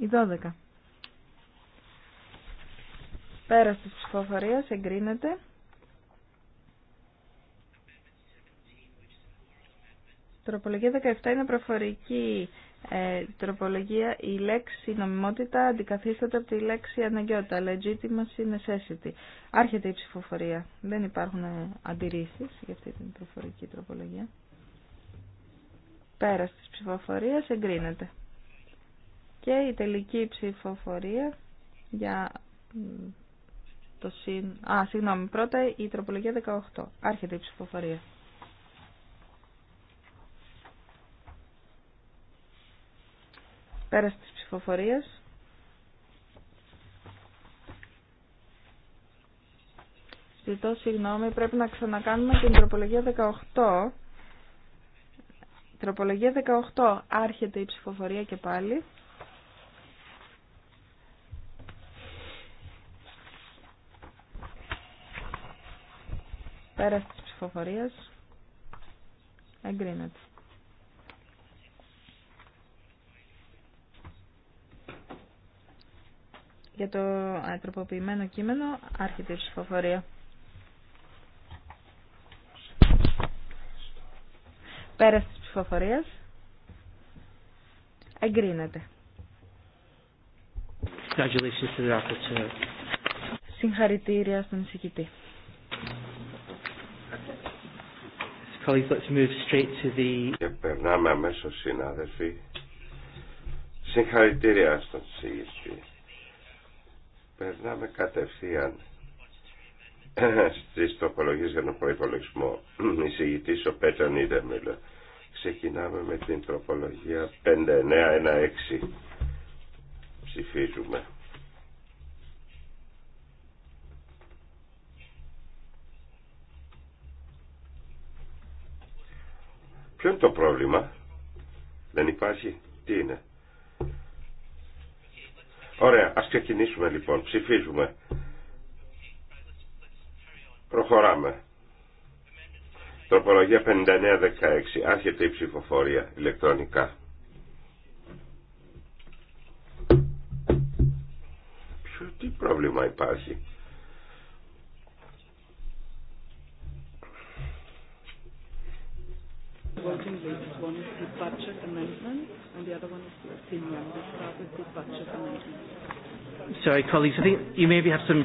Η 12. Πέρα της ψηφοφορίας εγκρίνεται. Τροπολογία 17 είναι προφορική ε, τροπολογία η λέξη νομιμότητα αντικαθίσταται από τη λέξη αναγκαιότητα, legitimacy necessity. Άρχεται η ψηφοφορία. Δεν υπάρχουν ε, αντιρρήσεις για αυτή την προφορική τροπολογία. Πέρας της ψηφοφορίας εγκρίνεται. Και η τελική ψηφοφορία για το συν... Α, συγγνώμη, πρώτα η τροπολογία 18. Άρχεται η ψηφοφορία. Πέρας της ψηφοφορίας. Ζητώ συγγνώμη, πρέπει να ξανακάνουμε την τροπολογία 18. Τροπολογία 18. Άρχεται η ψηφοφορία και πάλι. Πέρας της ψηφοφορίας. Εγκρίνεται. για το τροποποιημένο κείμενο άρχεται η ψηφοφορία. Πέρας της ψηφοφορίας εγκρίνεται. Συγχαρητήρια στον εισηγητή. Και περνάμε αμέσως συνάδελφοι. Συγχαρητήρια στον εισηγητή. Περνάμε κατευθείαν στις τροπολογίες για τον προϋπολογισμό. Εισηγητής ο Πέτρον Νίδεμιλ. Ξεκινάμε με την τροπολογία 5916. Ψηφίζουμε. Ποιο είναι το πρόβλημα. Δεν υπάρχει. Τι είναι. Ωραία, ας ξεκινήσουμε λοιπόν. Ψηφίζουμε. Προχωράμε. Τροπολογία 5916. Άρχεται η ψηφοφορία ηλεκτρονικά. Ποιο, τι πρόβλημα υπάρχει. Working amendment and the other one is Sorry, colleagues, I think you maybe have some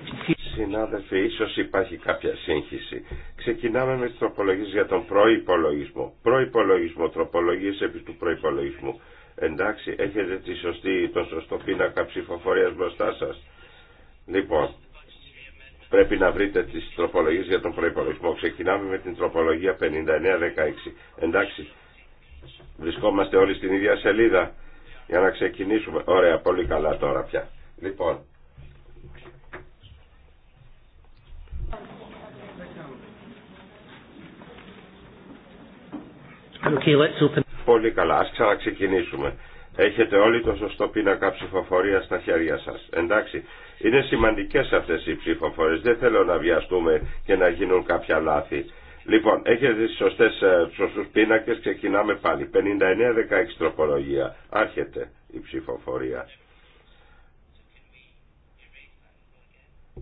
Συνάδελφοι, ίσω υπάρχει κάποια σύγχυση. Ξεκινάμε με τι τροπολογίε για τον προπολογισμό, προπολογισμό τροπολογίες επί του προπολογισμού. Εντάξει, έχετε τη σωστή, τον σωστό πίνακα ψηφοφορία μπροστά σα. Λοιπόν, πρέπει να βρείτε τι τροπολογίε για τον προπολογισμό. Ξεκινάμε με την τροπολογία 5916. Εντάξει, Βρισκόμαστε όλοι στην ίδια σελίδα για να ξεκινήσουμε. Ωραία, πολύ καλά τώρα πια. Λοιπόν. Okay, let's open. Πολύ καλά, ας ξαναξεκινήσουμε. Έχετε όλοι το σωστό πίνακα ψηφοφορία στα χέρια σας. Εντάξει, είναι σημαντικές αυτές οι ψηφοφορίες. Δεν θέλω να βιαστούμε και να γίνουν κάποια λάθη. Λοιπόν, έχετε τις σωστές, ε, τους σωστούς πίνακες, ξεκινάμε πάλι. 59-16 τροπολογία. Άρχεται η ψηφοφορία.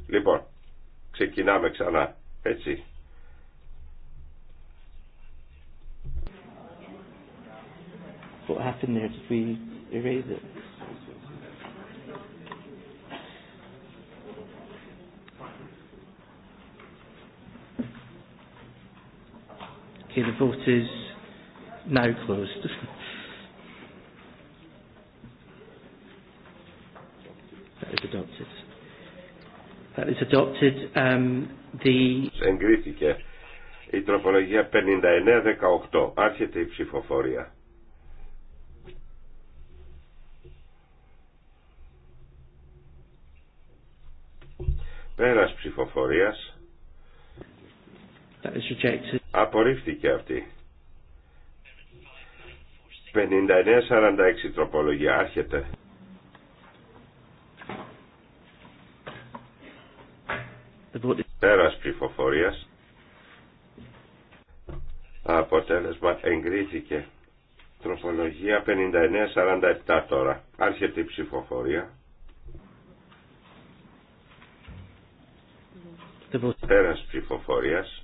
Λοιπόν, ξεκινάμε ξανά, έτσι. Okay, the vote is now closed. That is adopted. That is adopted. Um, the... Εγκρίθηκε η τροπολογία 59-18. Άρχεται η ψηφοφορία. Πέρας ψηφοφορίας Απορρίφθηκε αυτή. 59-46 τροπολογία άρχεται. Πέρας ψηφοφορίας. Αποτέλεσμα εγκρίθηκε. Τροπολογία 59-47 τώρα. Άρχεται η ψηφοφορία. Πέρας ψηφοφορίας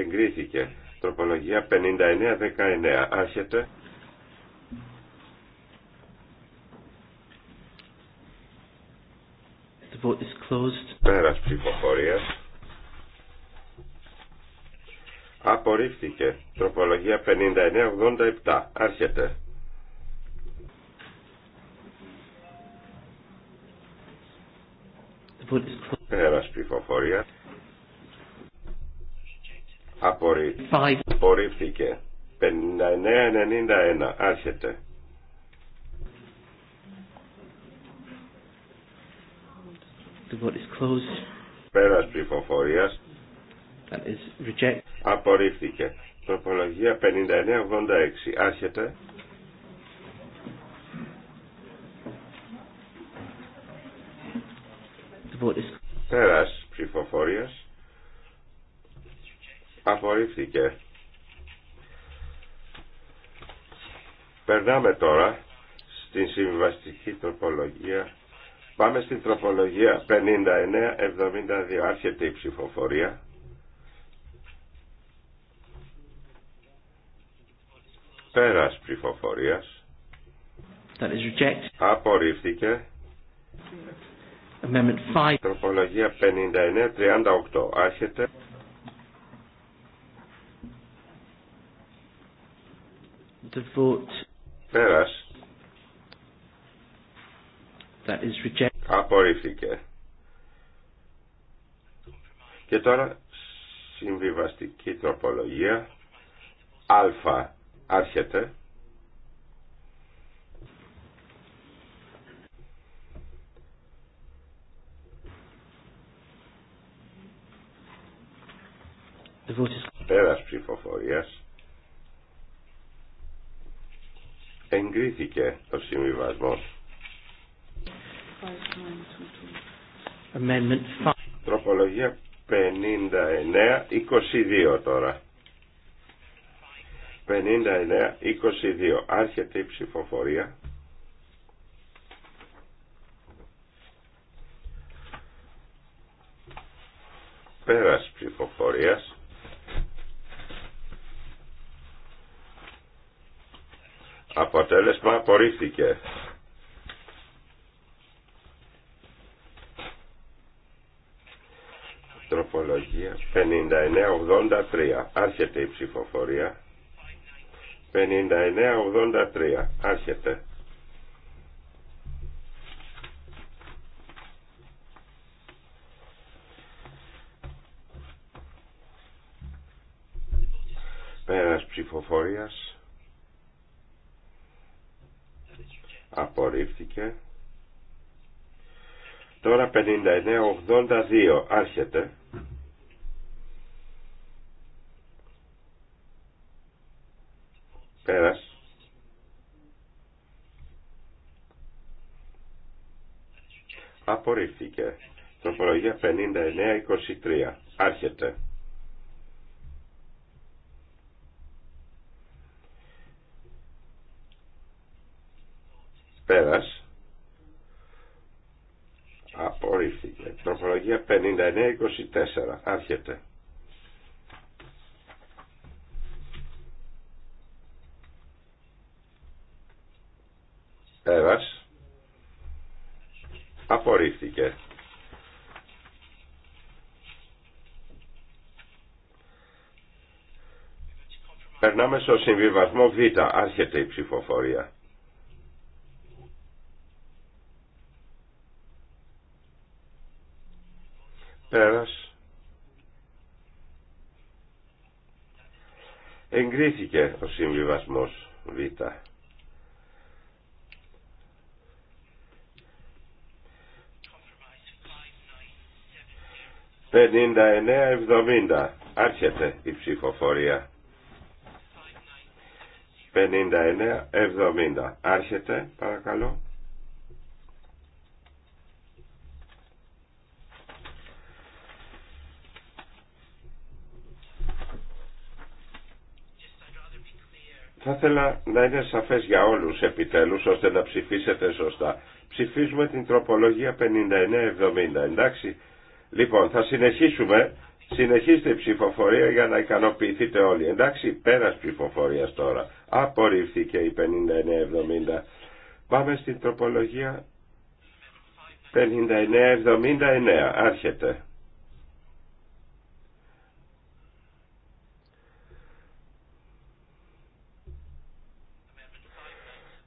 εγκρίθηκε. Τροπολογία 59-19. Άρχεται. The vote Πέρας ψηφοφορίας. Απορρίφθηκε. Τροπολογία 59-87. Άρχεται. Πέρας ψηφοφορίας. Απορρίφθηκε. 59-91. Άρχεται. Πέρας ψηφοφορίας. Απορρίφθηκε. Τροπολογία 59-86. Άρχεται. Πέρας ψηφοφορίας. Απορρίφθηκε. Περνάμε τώρα στην συμβαστική τροπολογία. Πάμε στην τροπολογία 59-72. Άρχεται η ψηφοφορία. Πέρας ψηφοφορίας. Απορρίφθηκε. Τροπολογία 59-38. Άρχεται. The Πέρας. That is rejected. Απορρίφθηκε. Και τώρα συμβιβαστική τροπολογία α άρχεται Πέρας ψηφοφορίας εγκρίθηκε ο συμβιβασμό. Τροπολογία 59, 22 τώρα. 59, 22. Άρχεται η ψηφοφορία. Πέρας ψηφοφορίας Αποτέλεσμα απορρίφθηκε. Τροπολογία 5983. Άρχεται η ψηφοφορία. 5983. Άρχεται. Πέρας ψηφοφορίας απορρίφθηκε. Τώρα 59-82 άρχεται. Πέρας. Απορρίφθηκε. Τροπολογία 59-23 άρχεται. Πέρας. απορρίφθηκε. Τροπολογία 59-24. Άρχεται. Πέρας. Απορρίφθηκε. Περνάμε στο συμβιβασμό Β. Άρχεται η ψηφοφορία. Βρίσκεται ο συμβιβασμό Β. 59-70. Άρχεται η ψηφοφορία. 59-70. Άρχεται, παρακαλώ. Θα ήθελα να είναι σαφές για όλους επιτέλους ώστε να ψηφίσετε σωστά. Ψηφίζουμε την τροπολογία 5970, εντάξει. Λοιπόν, θα συνεχίσουμε. Συνεχίστε η ψηφοφορία για να ικανοποιηθείτε όλοι. Εντάξει, πέρας ψηφοφορίας τώρα. Απορρίφθηκε η 5970. Πάμε στην τροπολογία 5979. Άρχεται.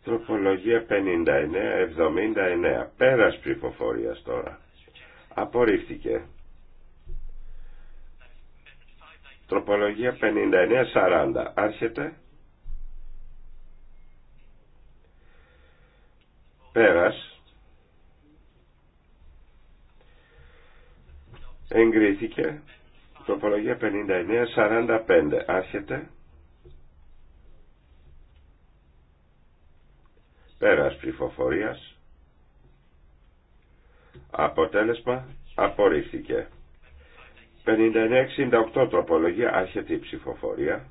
Τροπολογία 59-79. Πέρας ψηφοφορίας τώρα. Απορρίφθηκε. Τροπολογία 59-40. Άρχεται. Πέρας. Εγκρίθηκε. Τροπολογία 59-45. Άρχεται. Πέρας ψηφοφορίας. Αποτέλεσμα απορρίφθηκε. 59-68 τροπολογία άρχεται η ψηφοφορία.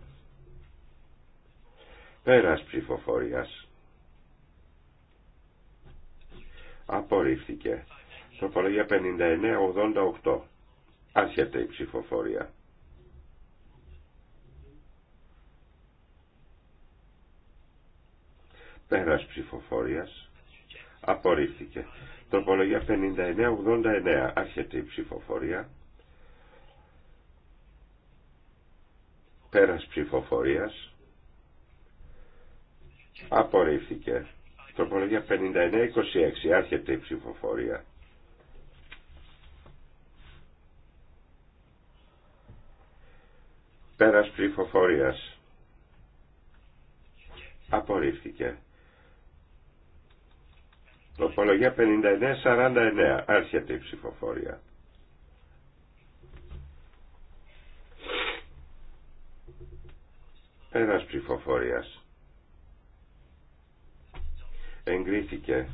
Πέρας ψηφοφορίας. Απορρίφθηκε. Τροπολογία 59-88. Άρχεται η ψηφοφορία. Πέρας ψηφοφορίας. Απορρίφθηκε. Τροπολογία 59-89. Άρχεται η ψηφοφορία. Πέρας ψηφοφορίας. Απορρίφθηκε. Τροπολογία 59-26. Άρχεται η ψηφοφορία. Πέρας ψηφοφορίας. Απορρίφθηκε τροφολογια 59 59-49. Άρχεται η ψηφοφορία. Ένας ψηφοφορίας. Εγκρίθηκε.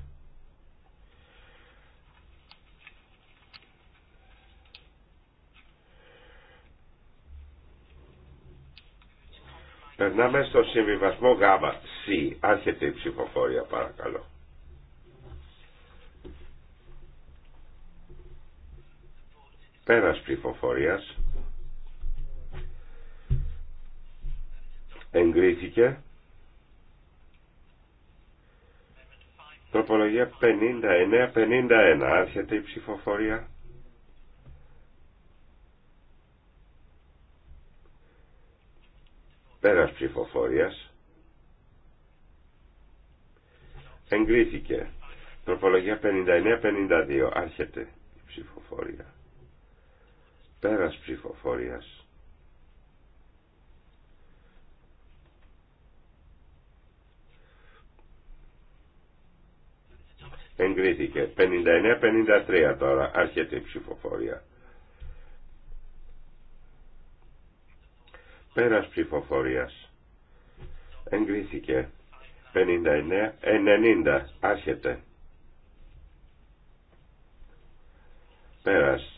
Περνάμε στο συμβιβασμό γάμα. Σι. Άρχεται η ψηφοφορία παρακαλώ. Πέρας ψηφοφορίας. Εγκρίθηκε. Τροπολογία 59-51. Άρχεται η ψηφοφορία. Πέρας ψηφοφορίας. Εγκρίθηκε. Τροπολογία 59-52. Άρχεται η ψηφοφορία. Πέρας ψηφοφορίας. Εγκρίθηκε. 59-53 τώρα. Άρχεται η ψηφοφορία. Πέρας ψηφοφορίας. Εγκρίθηκε. 59-90. Άρχεται. Πέρας.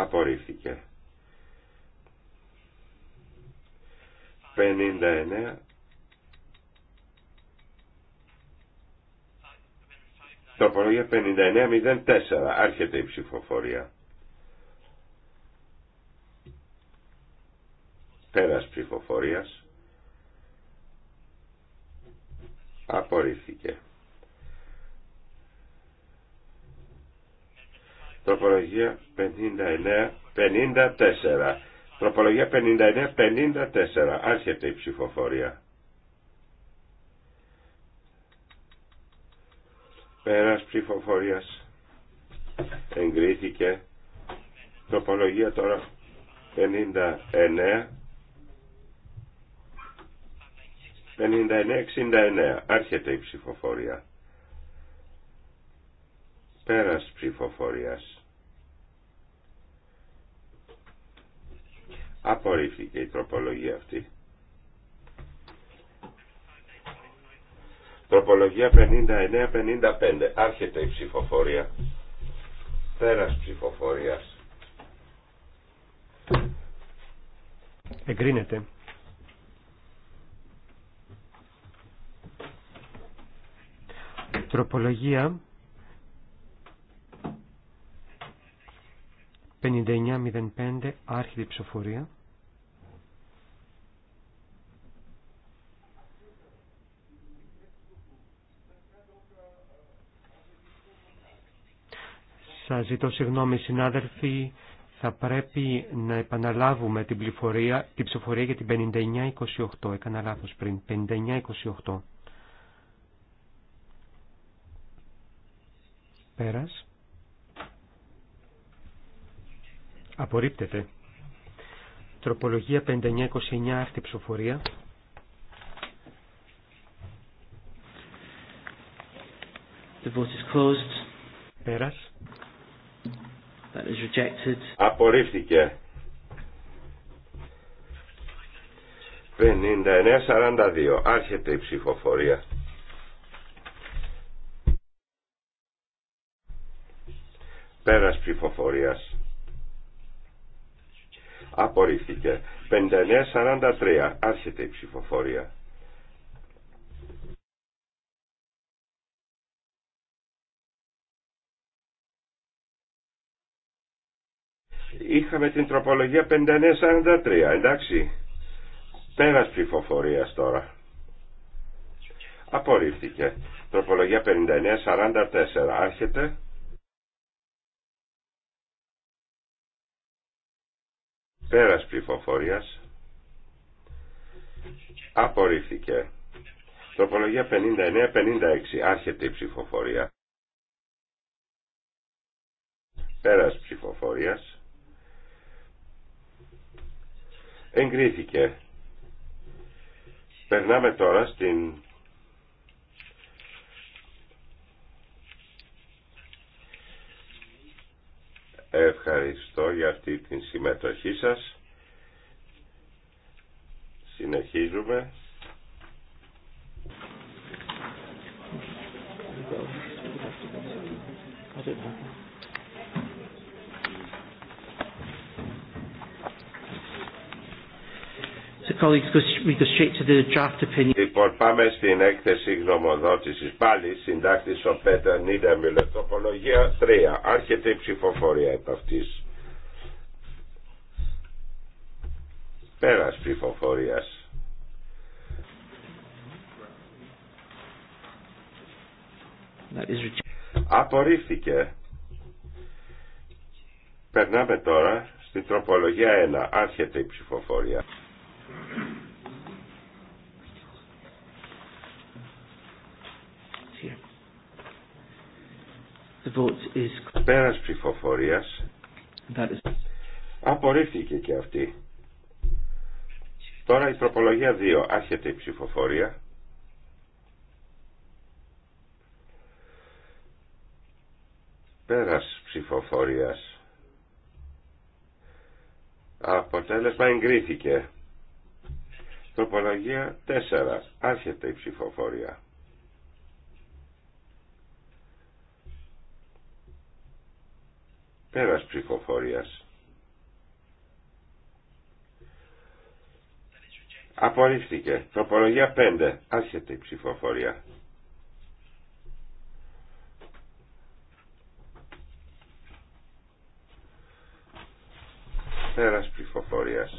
απορρίφθηκε. 59 Το πρωί 5904 άρχεται η ψηφοφορία. Πέρας ψηφοφορίας απορρίφθηκε. Τροπολογία 59, 54. Τροπολογία 59, 54. Άρχεται η ψηφοφορία. Πέρας ψηφοφορίας. Εγκρίθηκε. Τροπολογία τώρα 59. 59-69. Άρχεται η ψηφοφορία. Πέρας ψηφοφορίας. Απορρίφθηκε η τροπολογία αυτή. Τροπολογία 59-55. Άρχεται η ψηφοφορία. Πέρας ψηφοφορίας. Εγκρίνεται. Τροπολογία 59-05. Άρχεται η ψηφοφορία. Σας ζητώ συγγνώμη συνάδελφοι, θα πρέπει να επαναλάβουμε την, πληφορία, την ψηφορία για την 5928. Έκανα λάθος πριν. 5928. Πέρας. Απορρίπτεται. Τροπολογία 5929 αυτή ψηφοφορία. The vote is closed. Πέρας. That is rejected. Απορρίφθηκε. 59-42. Άρχεται η ψηφοφορία. Πέρας ψηφοφορίας. Απορρίφθηκε. 59-43. Άρχεται η ψηφοφορία. Είχαμε την τροπολογία 5943, εντάξει. Πέρας ψηφοφορίας τώρα. Απορρίφθηκε. Τροπολογία 5944. Άρχεται. Πέρας ψηφοφορίας. Απορρίφθηκε. 5956, 59-56. Άρχεται η ψηφοφορία. Πέρας ψηφοφορίας. εγκρίθηκε. Περνάμε τώρα στην Ευχαριστώ για αυτή την συμμετοχή σας. Συνεχίζουμε. colleagues, we go straight to the draft opinion. Λοιπόν, πάμε στην έκθεση γνωμοδότησης. Πάλι συντάκτης ο Πέτερ Νίντεμιλ, τοπολογία 3. Άρχεται η ψηφοφορία επ' αυτής. Πέρας ψηφοφορίας. Απορρίφθηκε. Περνάμε τώρα στην τροπολογία 1. Άρχεται η ψηφοφορία. Πέρας ψηφοφορίας απορρίφθηκε και αυτή. Τώρα η τροπολογία 2. Άρχεται η ψηφοφορία. Πέρας ψηφοφορίας. Αποτέλεσμα εγκρίθηκε. Τροπολογία 4. Άρχεται η ψηφοφορία. Πέρας ψηφοφορίας. Απορρίφθηκε. Τροπολογία 5. Άρχεται η ψηφοφορία. Πέρας ψηφοφορίας.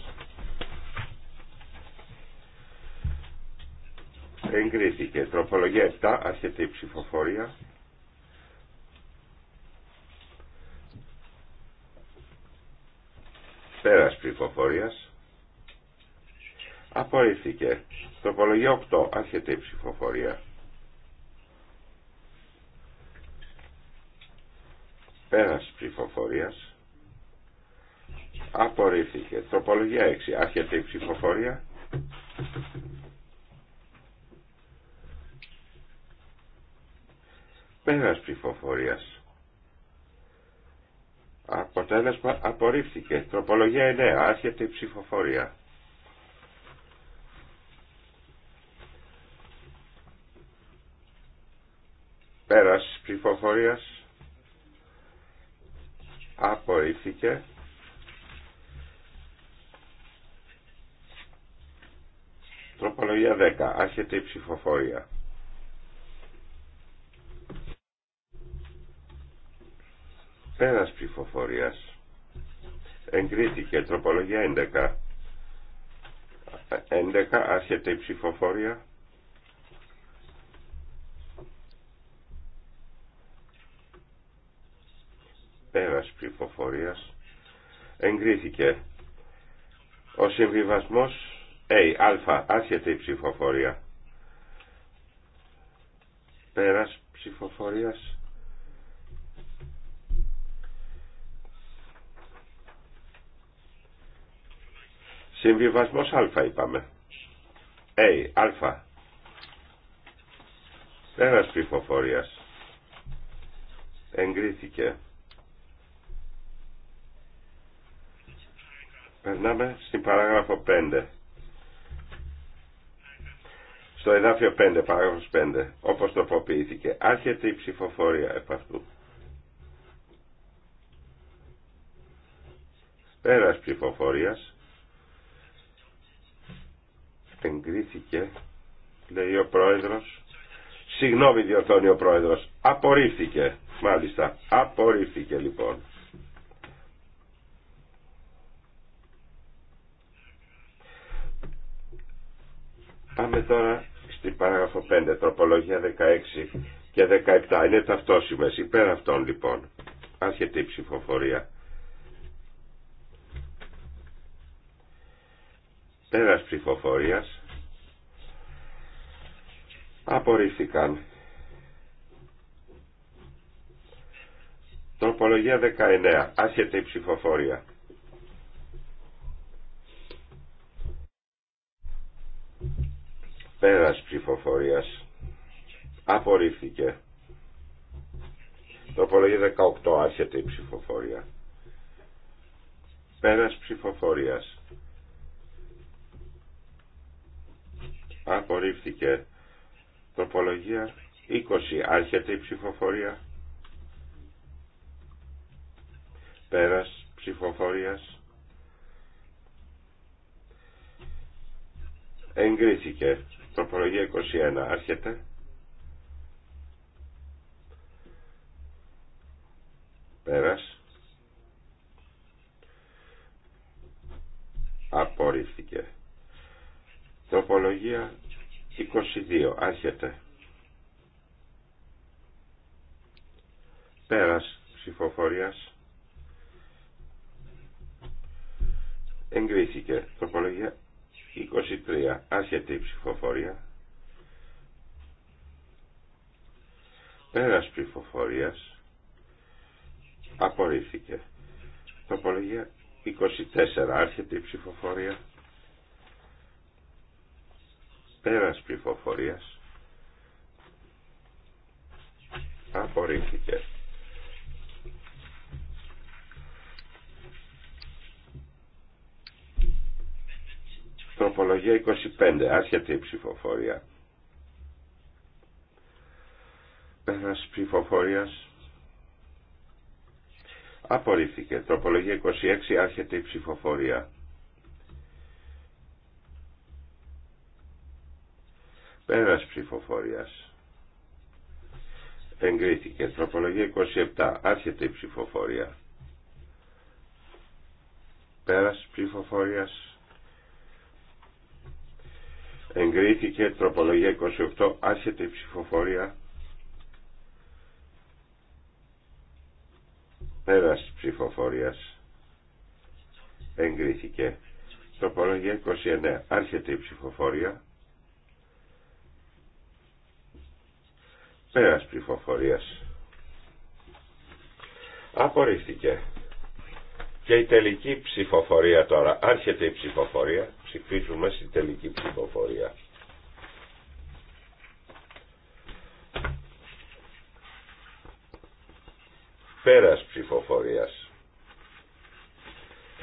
Εγκρίθηκε. Τροπολογία 7. Άρχεται η ψηφοφορία. Πέρας ψηφοφορίας. Απορρίφθηκε. Τροπολογία 8. Άρχεται η ψηφοφορία. Πέρας ψηφοφορίας. Απορρίφθηκε. Τροπολογία 6. Άρχεται η ψηφοφορία. Πέρας ψηφοφορίας. Αποτέλεσμα απορρίφθηκε. Τροπολογία 9. Άρχεται η ψηφοφορία. Πέρας ψηφοφορίας. Απορρίφθηκε. Τροπολογία 10. Άρχεται η ψηφοφορία. Πέρας ψηφοφορίας. Εγκρίθηκε τροπολογία 11. 11 άρχεται η ψηφοφορία. Πέρας ψηφοφορίας. Εγκρίθηκε. Ο συμβιβασμός Hey, α, άρχεται η ψηφοφορία. Πέρας ψηφοφορίας. Συμβιβασμός α είπαμε. Ε, α. Πέρας ψηφοφορίας. Εγκρίθηκε. Περνάμε στην παράγραφο 5. Στο εδάφιο 5, παράγραφος 5, όπως τοποποιήθηκε. άρχεται η ψηφοφορία επ' αυτού. Πέρας ψηφοφορίας εγκρίθηκε, λέει ο πρόεδρος. Συγγνώμη διορθώνει ο πρόεδρος. Απορρίφθηκε, μάλιστα. Απορρίφθηκε λοιπόν. Πάμε τώρα στην παράγραφο 5, τροπολογία 16 και 17. Είναι ταυτόσιμες. Υπέρ αυτών λοιπόν. Άρχεται η ψηφοφορία. Πέρας ψηφοφορίας. Απορρίφθηκαν. Τροπολογία 19. η ψηφοφορία. Πέρας ψηφοφορίας. Απορρίφθηκε. Τροπολογία 18. η ψηφοφορία. Πέρας ψηφοφορίας. απορρίφθηκε. Τροπολογία 20. Άρχεται η ψηφοφορία. Πέρας ψηφοφορίας. Εγκρίθηκε. Τροπολογία 21. Άρχεται. Πέρας. Απορρίφθηκε. Τροπολογία 22. Άρχεται. Πέρας ψηφοφορίας. Εγκρίθηκε. Τροπολογία 23. Άρχεται η ψηφοφορία. Πέρας ψηφοφορίας. Απορρίφθηκε. Τροπολογία 24. Άρχεται η ψηφοφορία. Πέρας ψηφοφορίας. Απορρίφθηκε. Τροπολογία 25. Άρχεται η ψηφοφορία. Πέρας ψηφοφορίας. Απορρίφθηκε. Τροπολογία 26. Άρχεται η ψηφοφορία. Πέρας ψηφοφορίας. Εγκρίθηκε. Τροπολογία 27. Άρχεται η ψηφοφορία. Πέρας ψηφοφορίας. Εγκρίθηκε. Τροπολογία 28. Άρχεται η ψηφοφορία. Πέρας ψηφοφορίας. Εγκρίθηκε. Τροπολογία 29. Άρχεται η ψηφοφορία. Πέρας ψηφοφορίας. Απορρίφθηκε. Και η τελική ψηφοφορία τώρα. Άρχεται η ψηφοφορία. Ψηφίζουμε στην τελική ψηφοφορία. Πέρας ψηφοφορίας.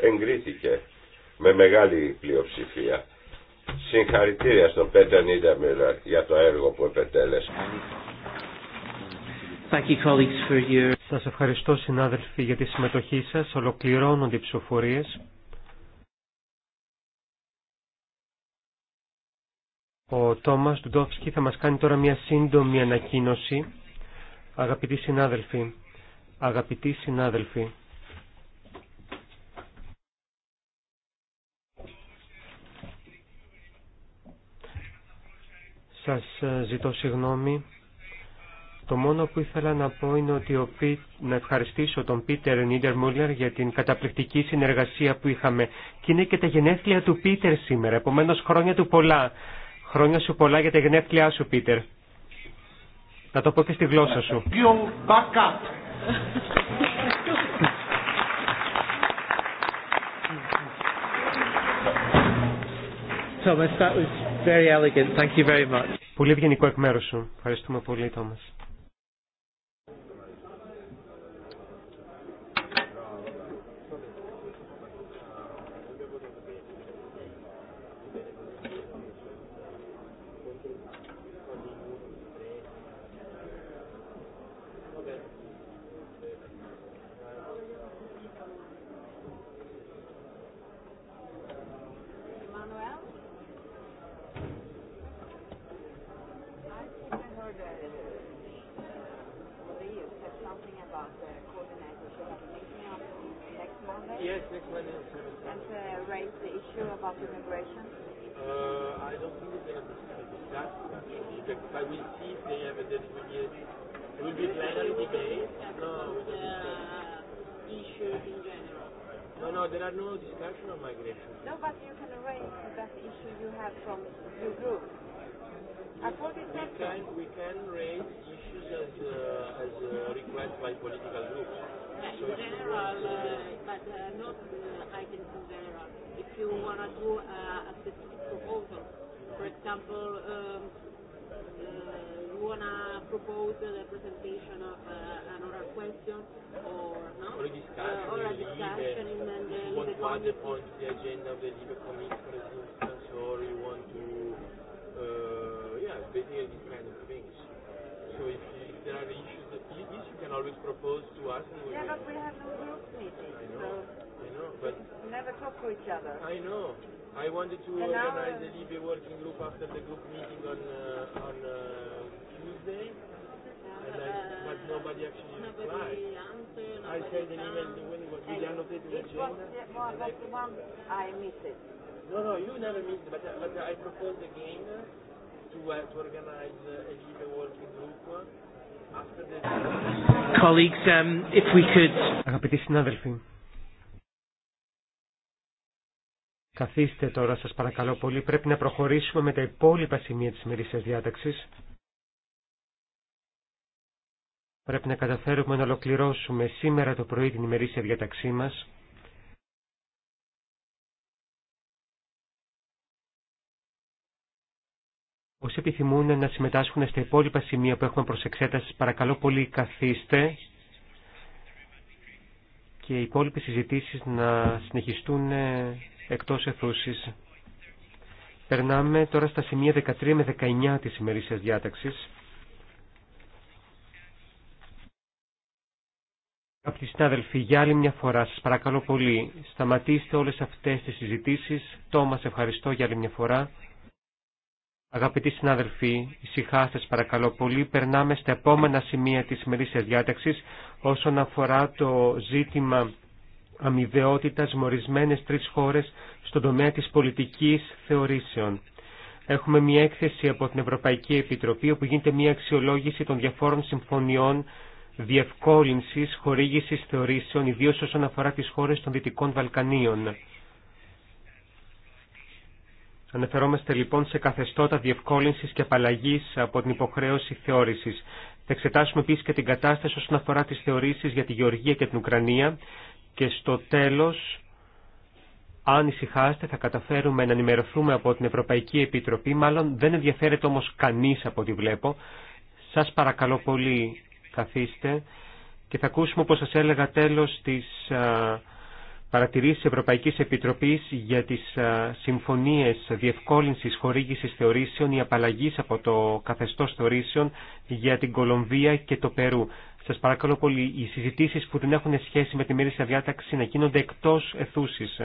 Εγκρίθηκε με μεγάλη πλειοψηφία. Συγχαρητήρια στον Πέτερ Νίντεμιρ για το έργο που επετέλεσε. Σας ευχαριστώ συνάδελφοι για τη συμμετοχή σας. Ολοκληρώνονται οι ψηφοφορίες. Ο Τόμας Ντουντόφσκι θα μας κάνει τώρα μια σύντομη ανακοίνωση. Αγαπητοί συνάδελφοι, αγαπητοί συνάδελφοι, σας ζητώ συγγνώμη το μόνο που ήθελα να πω είναι ότι ο να ευχαριστήσω τον Πίτερ Νίντερ Μούλερ για την καταπληκτική συνεργασία που είχαμε. Και είναι και τα γενέθλια του Πίτερ σήμερα, επομένω χρόνια του πολλά. Χρόνια σου πολλά για τα γενέθλιά σου, Πίτερ. Να το πω και στη γλώσσα σου. Thomas, that was very elegant. Thank you very much. Πολύ ευγενικό εκ μέρους σου. Ευχαριστούμε πολύ, Thomas. you never meet, but, but I propose again to, uh, to organize a leader working group after the... Colleagues, um, if we could... Αγαπητοί συνάδελφοι, καθίστε τώρα σας παρακαλώ πολύ. Πρέπει να προχωρήσουμε με τα υπόλοιπα σημεία της ημερήσιας διάταξης. Πρέπει να καταφέρουμε να ολοκληρώσουμε σήμερα το πρωί την ημερήσια διάταξή μας. Όσοι επιθυμούν να συμμετάσχουν στα υπόλοιπα σημεία που έχουμε προς εξέταση, παρακαλώ πολύ καθίστε και οι υπόλοιπε συζητήσεις να συνεχιστούν εκτός εθούσης. Περνάμε τώρα στα σημεία 13 με 19 της ημερήσιας διάταξης. Αγαπητοί συνάδελφοι, για άλλη μια φορά σας παρακαλώ πολύ, σταματήστε όλες αυτές τις συζητήσεις. Τόμας, ευχαριστώ για άλλη μια φορά. Αγαπητοί συνάδελφοι, ησυχάστε παρακαλώ πολύ. Περνάμε στα επόμενα σημεία της σημερινής διάταξης όσον αφορά το ζήτημα αμοιβαιότητας μορισμένες τρεις χώρες στον τομέα της πολιτικής θεωρήσεων. Έχουμε μια έκθεση από την Ευρωπαϊκή Επιτροπή όπου γίνεται μια αξιολόγηση των διαφόρων συμφωνιών διευκόλυνσης χορήγησης θεωρήσεων, ιδίως όσον αφορά τις χώρες των Δυτικών Βαλκανίων. Αναφερόμαστε λοιπόν σε καθεστώτα διευκόλυνσης και απαλλαγής από την υποχρέωση θεώρησης. Θα εξετάσουμε επίσης και την κατάσταση όσον αφορά τις θεωρήσεις για τη Γεωργία και την Ουκρανία και στο τέλος, αν ησυχάστε, θα καταφέρουμε να ενημερωθούμε από την Ευρωπαϊκή Επιτροπή. Μάλλον δεν ενδιαφέρεται όμως κανείς από ό,τι βλέπω. Σας παρακαλώ πολύ καθίστε και θα ακούσουμε όπως σας έλεγα τέλος της παρατηρήσεις Ευρωπαϊκής Επιτροπής για τις συμφωνίες διευκόλυνσης χορήγησης θεωρήσεων ή απαλλαγής από το καθεστώς θεωρήσεων για την Κολομβία και το Περού. Σας παρακαλώ πολύ, οι συζητήσεις που δεν έχουν σχέση με τη μίληση διάταξη να γίνονται εκτός εθούσης.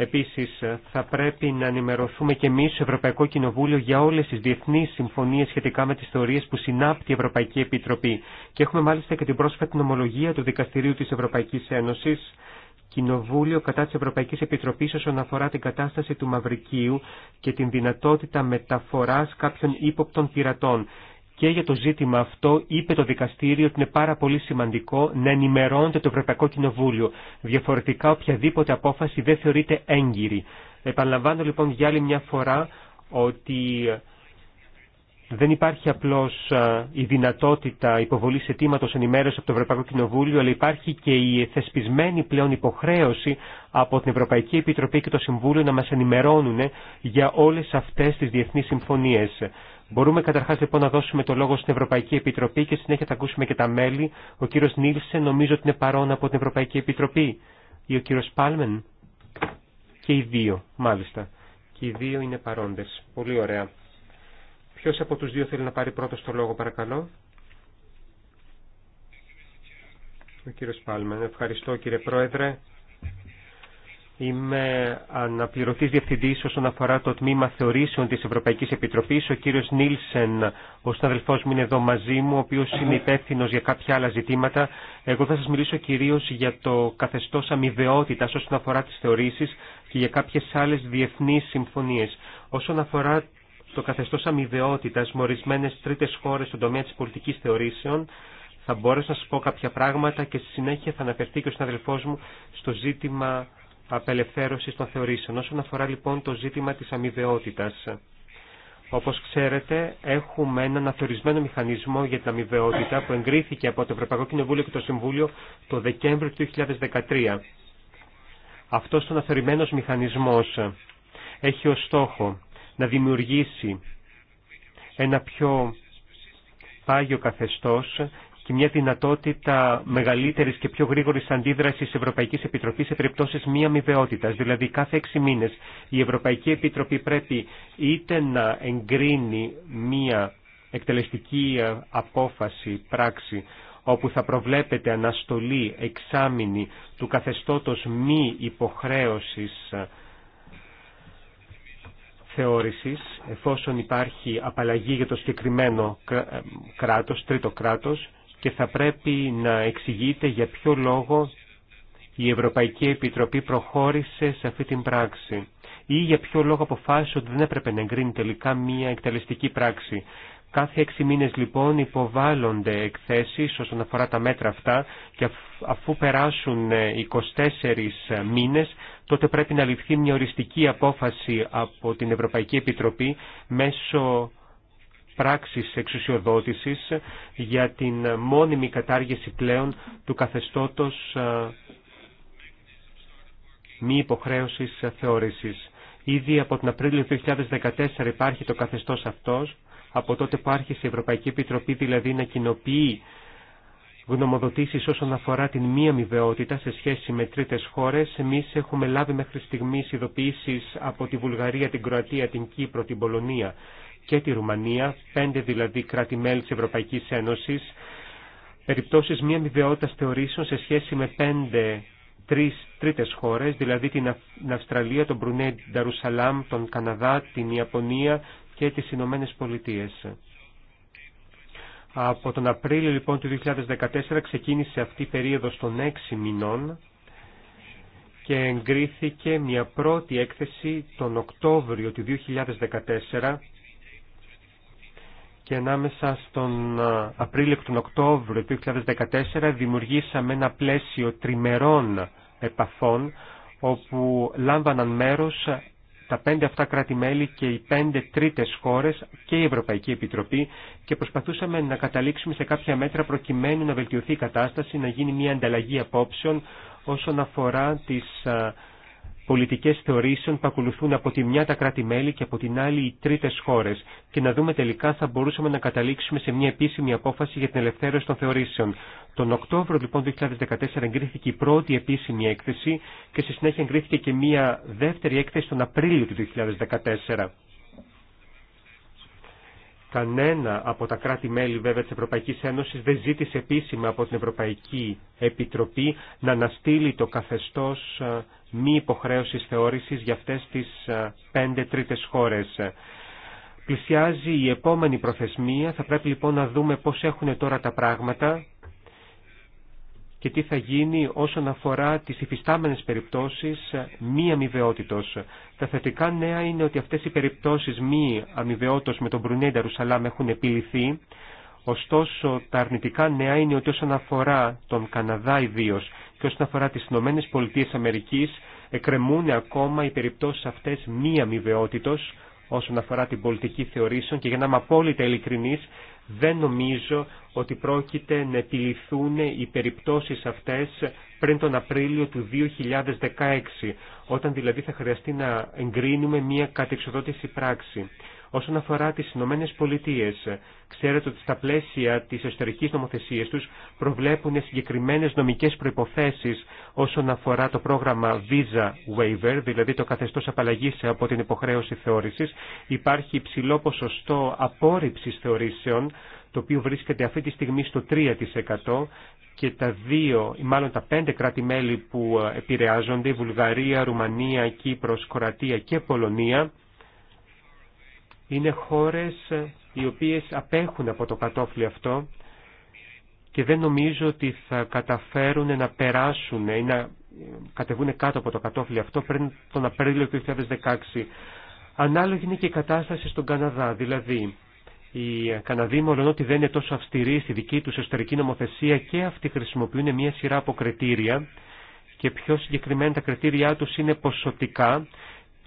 Επίσης, θα πρέπει να ενημερωθούμε και εμείς στο Ευρωπαϊκό Κοινοβούλιο για όλες τις διεθνείς συμφωνίες σχετικά με τις θεωρίες που συνάπτει η Ευρωπαϊκή Επιτροπή. Και έχουμε μάλιστα και την πρόσφατη νομολογία του Δικαστηρίου της Ευρωπαϊκής Ένωσης, Κοινοβούλιο κατά της Ευρωπαϊκής Επιτροπής όσον αφορά την κατάσταση του Μαυρικίου και την δυνατότητα μεταφοράς κάποιων ύποπτων πειρατών. Και για το ζήτημα αυτό είπε το δικαστήριο ότι είναι πάρα πολύ σημαντικό να ενημερώνεται το Ευρωπαϊκό Κοινοβούλιο. Διαφορετικά οποιαδήποτε απόφαση δεν θεωρείται έγκυρη. Επαναλαμβάνω λοιπόν για άλλη μια φορά ότι δεν υπάρχει απλώς η δυνατότητα υποβολής αιτήματο ενημέρωση από το Ευρωπαϊκό Κοινοβούλιο, αλλά υπάρχει και η θεσπισμένη πλέον υποχρέωση από την Ευρωπαϊκή Επιτροπή και το Συμβούλιο να μας ενημερώνουν για όλες αυτές τις διεθνείς συμφωνίες. Μπορούμε καταρχά λοιπόν να δώσουμε το λόγο στην Ευρωπαϊκή Επιτροπή και συνέχεια θα ακούσουμε και τα μέλη. Ο κύριο Νίλσεν νομίζω ότι είναι παρόν από την Ευρωπαϊκή Επιτροπή. Ή ο κύριο Πάλμεν. Και οι δύο, μάλιστα. Και οι δύο είναι παρόντε. Πολύ ωραία. Ποιο από του δύο θέλει να πάρει πρώτο το λόγο, παρακαλώ. Ο κύριο Πάλμεν. Ευχαριστώ κύριε Πρόεδρε. Είμαι αναπληρωτή διευθυντή όσον αφορά το τμήμα θεωρήσεων τη Ευρωπαϊκή Επιτροπή. Ο κύριο Νίλσεν, ο συναδελφό μου, είναι εδώ μαζί μου, ο οποίο είναι υπεύθυνο για κάποια άλλα ζητήματα. Εγώ θα σα μιλήσω κυρίω για το καθεστώ αμοιβαιότητα όσον αφορά τι θεωρήσει και για κάποιε άλλε διεθνεί συμφωνίε. Όσον αφορά το καθεστώ αμοιβαιότητα με ορισμένε τρίτε χώρε στον τομέα τη πολιτική θεωρήσεων, θα μπορέσω να σα πω κάποια πράγματα και στη συνέχεια θα αναφερθεί και ο συναδελφό μου στο ζήτημα απελευθέρωσης των θεωρήσεων. Όσον αφορά λοιπόν το ζήτημα της αμοιβαιότητας. Όπως ξέρετε, έχουμε έναν αθεωρισμένο μηχανισμό για την αμοιβαιότητα που εγκρίθηκε από το Ευρωπαϊκό Κοινοβούλιο και το Συμβούλιο το Δεκέμβριο του 2013. Αυτός ο αθεωρημένος μηχανισμός έχει ως στόχο να δημιουργήσει ένα πιο πάγιο καθεστώς και μια δυνατότητα μεγαλύτερη και πιο γρήγορη αντίδραση τη Ευρωπαϊκής Επιτροπής σε περιπτώσει μη αμοιβαιότητα. Δηλαδή κάθε έξι μήνες η Ευρωπαϊκή Επιτροπή πρέπει είτε να εγκρίνει μια εκτελεστική απόφαση, πράξη, όπου θα προβλέπεται αναστολή εξάμηνη του καθεστώτος μη υποχρέωσης θεώρησης, εφόσον υπάρχει απαλλαγή για το συγκεκριμένο ε, κράτος, τρίτο κράτος, και θα πρέπει να εξηγείται για ποιο λόγο η Ευρωπαϊκή Επιτροπή προχώρησε σε αυτή την πράξη ή για ποιο λόγο αποφάσισε ότι δεν έπρεπε να εγκρίνει τελικά μία εκτελεστική πράξη. Κάθε έξι μήνες λοιπόν υποβάλλονται εκθέσεις όσον αφορά τα μέτρα αυτά και αφού περάσουν 24 ε, ε, μήνες τότε πρέπει να ληφθεί μια οριστική απόφαση από την Ευρωπαϊκή Επιτροπή μέσω πράξεις εξουσιοδότησης για την μόνιμη κατάργηση πλέον του καθεστώτος ε, μη υποχρέωσης θεώρησης. Ήδη από την Απρίλιο 2014 υπάρχει το καθεστώς αυτός, από τότε που άρχισε η Ευρωπαϊκή Επιτροπή δηλαδή να κοινοποιεί γνωμοδοτήσεις όσον αφορά την μία αμοιβαιότητα σε σχέση με τρίτες χώρες. Εμείς έχουμε λάβει μέχρι στιγμής ειδοποιήσεις από τη Βουλγαρία, την Κροατία, την Κύπρο, την Πολωνία και τη Ρουμανία, πέντε δηλαδή κράτη-μέλη της Ευρωπαϊκής Ένωσης, περιπτώσεις μία μηδεότητας θεωρήσεων σε σχέση με πέντε τρεις τρίτες χώρες, δηλαδή την Αυστραλία, τον Μπρουνέι, την τον Καναδά, την Ιαπωνία και τις Ηνωμένε Πολιτείε. Από τον Απρίλιο λοιπόν του 2014 ξεκίνησε αυτή η περίοδος των έξι μηνών και εγκρίθηκε μια πρώτη έκθεση τον Οκτώβριο του 2014 και ανάμεσα στον Απρίλιο και τον Οκτώβριο του 2014 δημιουργήσαμε ένα πλαίσιο τριμερών επαφών όπου λάμβαναν μέρος τα πέντε αυτά κράτη-μέλη και οι πέντε τρίτες χώρες και η Ευρωπαϊκή Επιτροπή και προσπαθούσαμε να καταλήξουμε σε κάποια μέτρα προκειμένου να βελτιωθεί η κατάσταση, να γίνει μια ανταλλαγή απόψεων όσον αφορά τις πολιτικές θεωρήσεων που ακολουθούν από τη μια τα κράτη-μέλη και από την άλλη οι τρίτες χώρες και να δούμε τελικά θα μπορούσαμε να καταλήξουμε σε μια επίσημη απόφαση για την ελευθέρωση των θεωρήσεων. Τον Οκτώβριο λοιπόν 2014 εγκρίθηκε η πρώτη επίσημη έκθεση και στη συνέχεια εγκρίθηκε και μια δεύτερη έκθεση τον Απρίλιο του 2014. Κανένα από τα κράτη-μέλη βέβαια της Ευρωπαϊκής Ένωσης δεν ζήτησε επίσημα από την Ευρωπαϊκή Επιτροπή να αναστείλει το καθεστώς ε, μη υποχρέωσης θεώρησης για αυτές τις ε, πέντε τρίτες χώρες. Πλησιάζει η επόμενη προθεσμία, θα πρέπει λοιπόν να δούμε πώς έχουν τώρα τα πράγματα και τι θα γίνει όσον αφορά τις υφιστάμενες περιπτώσεις μη αμοιβαιότητος. Τα θετικά νέα είναι ότι αυτές οι περιπτώσεις μη αμοιβαιότητος με τον Μπρουνέντα Ρουσαλάμ έχουν επιληθεί. Ωστόσο, τα αρνητικά νέα είναι ότι όσον αφορά τον Καναδά ιδίω και όσον αφορά τις Ηνωμένε Πολιτείες Αμερικής, εκκρεμούν ακόμα οι περιπτώσεις αυτές μη αμοιβαιότητος όσον αφορά την πολιτική θεωρήσεων και για να είμαι απόλυτα ειλικρινής, δεν νομίζω ότι πρόκειται να επιληθούν οι περιπτώσεις αυτές πριν τον Απρίλιο του 2016, όταν δηλαδή θα χρειαστεί να εγκρίνουμε μια κατεξοδότηση πράξη. Όσον αφορά τις Ηνωμένε Πολιτείε, ξέρετε ότι στα πλαίσια της εσωτερικής νομοθεσίας τους προβλέπουν συγκεκριμένες νομικές προϋποθέσεις όσον αφορά το πρόγραμμα Visa Waiver, δηλαδή το καθεστώς απαλλαγή από την υποχρέωση θεώρησης. Υπάρχει υψηλό ποσοστό απόρριψης θεωρήσεων, το οποίο βρίσκεται αυτή τη στιγμή στο 3% και τα δύο, ή μάλλον τα πέντε κράτη-μέλη που επηρεάζονται, Βουλγαρία, Ρουμανία, Κύπρος, Κορατία και Πολωνία, είναι χώρες ε, οι οποίες απέχουν από το κατόφλι αυτό και δεν νομίζω ότι θα καταφέρουν να περάσουν ή να ε, κατεβούν κάτω από το κατόφλι αυτό πριν τον Απρίλιο του 2016. Ανάλογη είναι και η κατάσταση στον Καναδά, δηλαδή οι ε, Καναδοί μόλον ότι δεν είναι τόσο αυστηροί στη δική τους εσωτερική νομοθεσία και αυτοί χρησιμοποιούν μια σειρά από κριτήρια και πιο συγκεκριμένα τα κριτήριά τους είναι ποσοτικά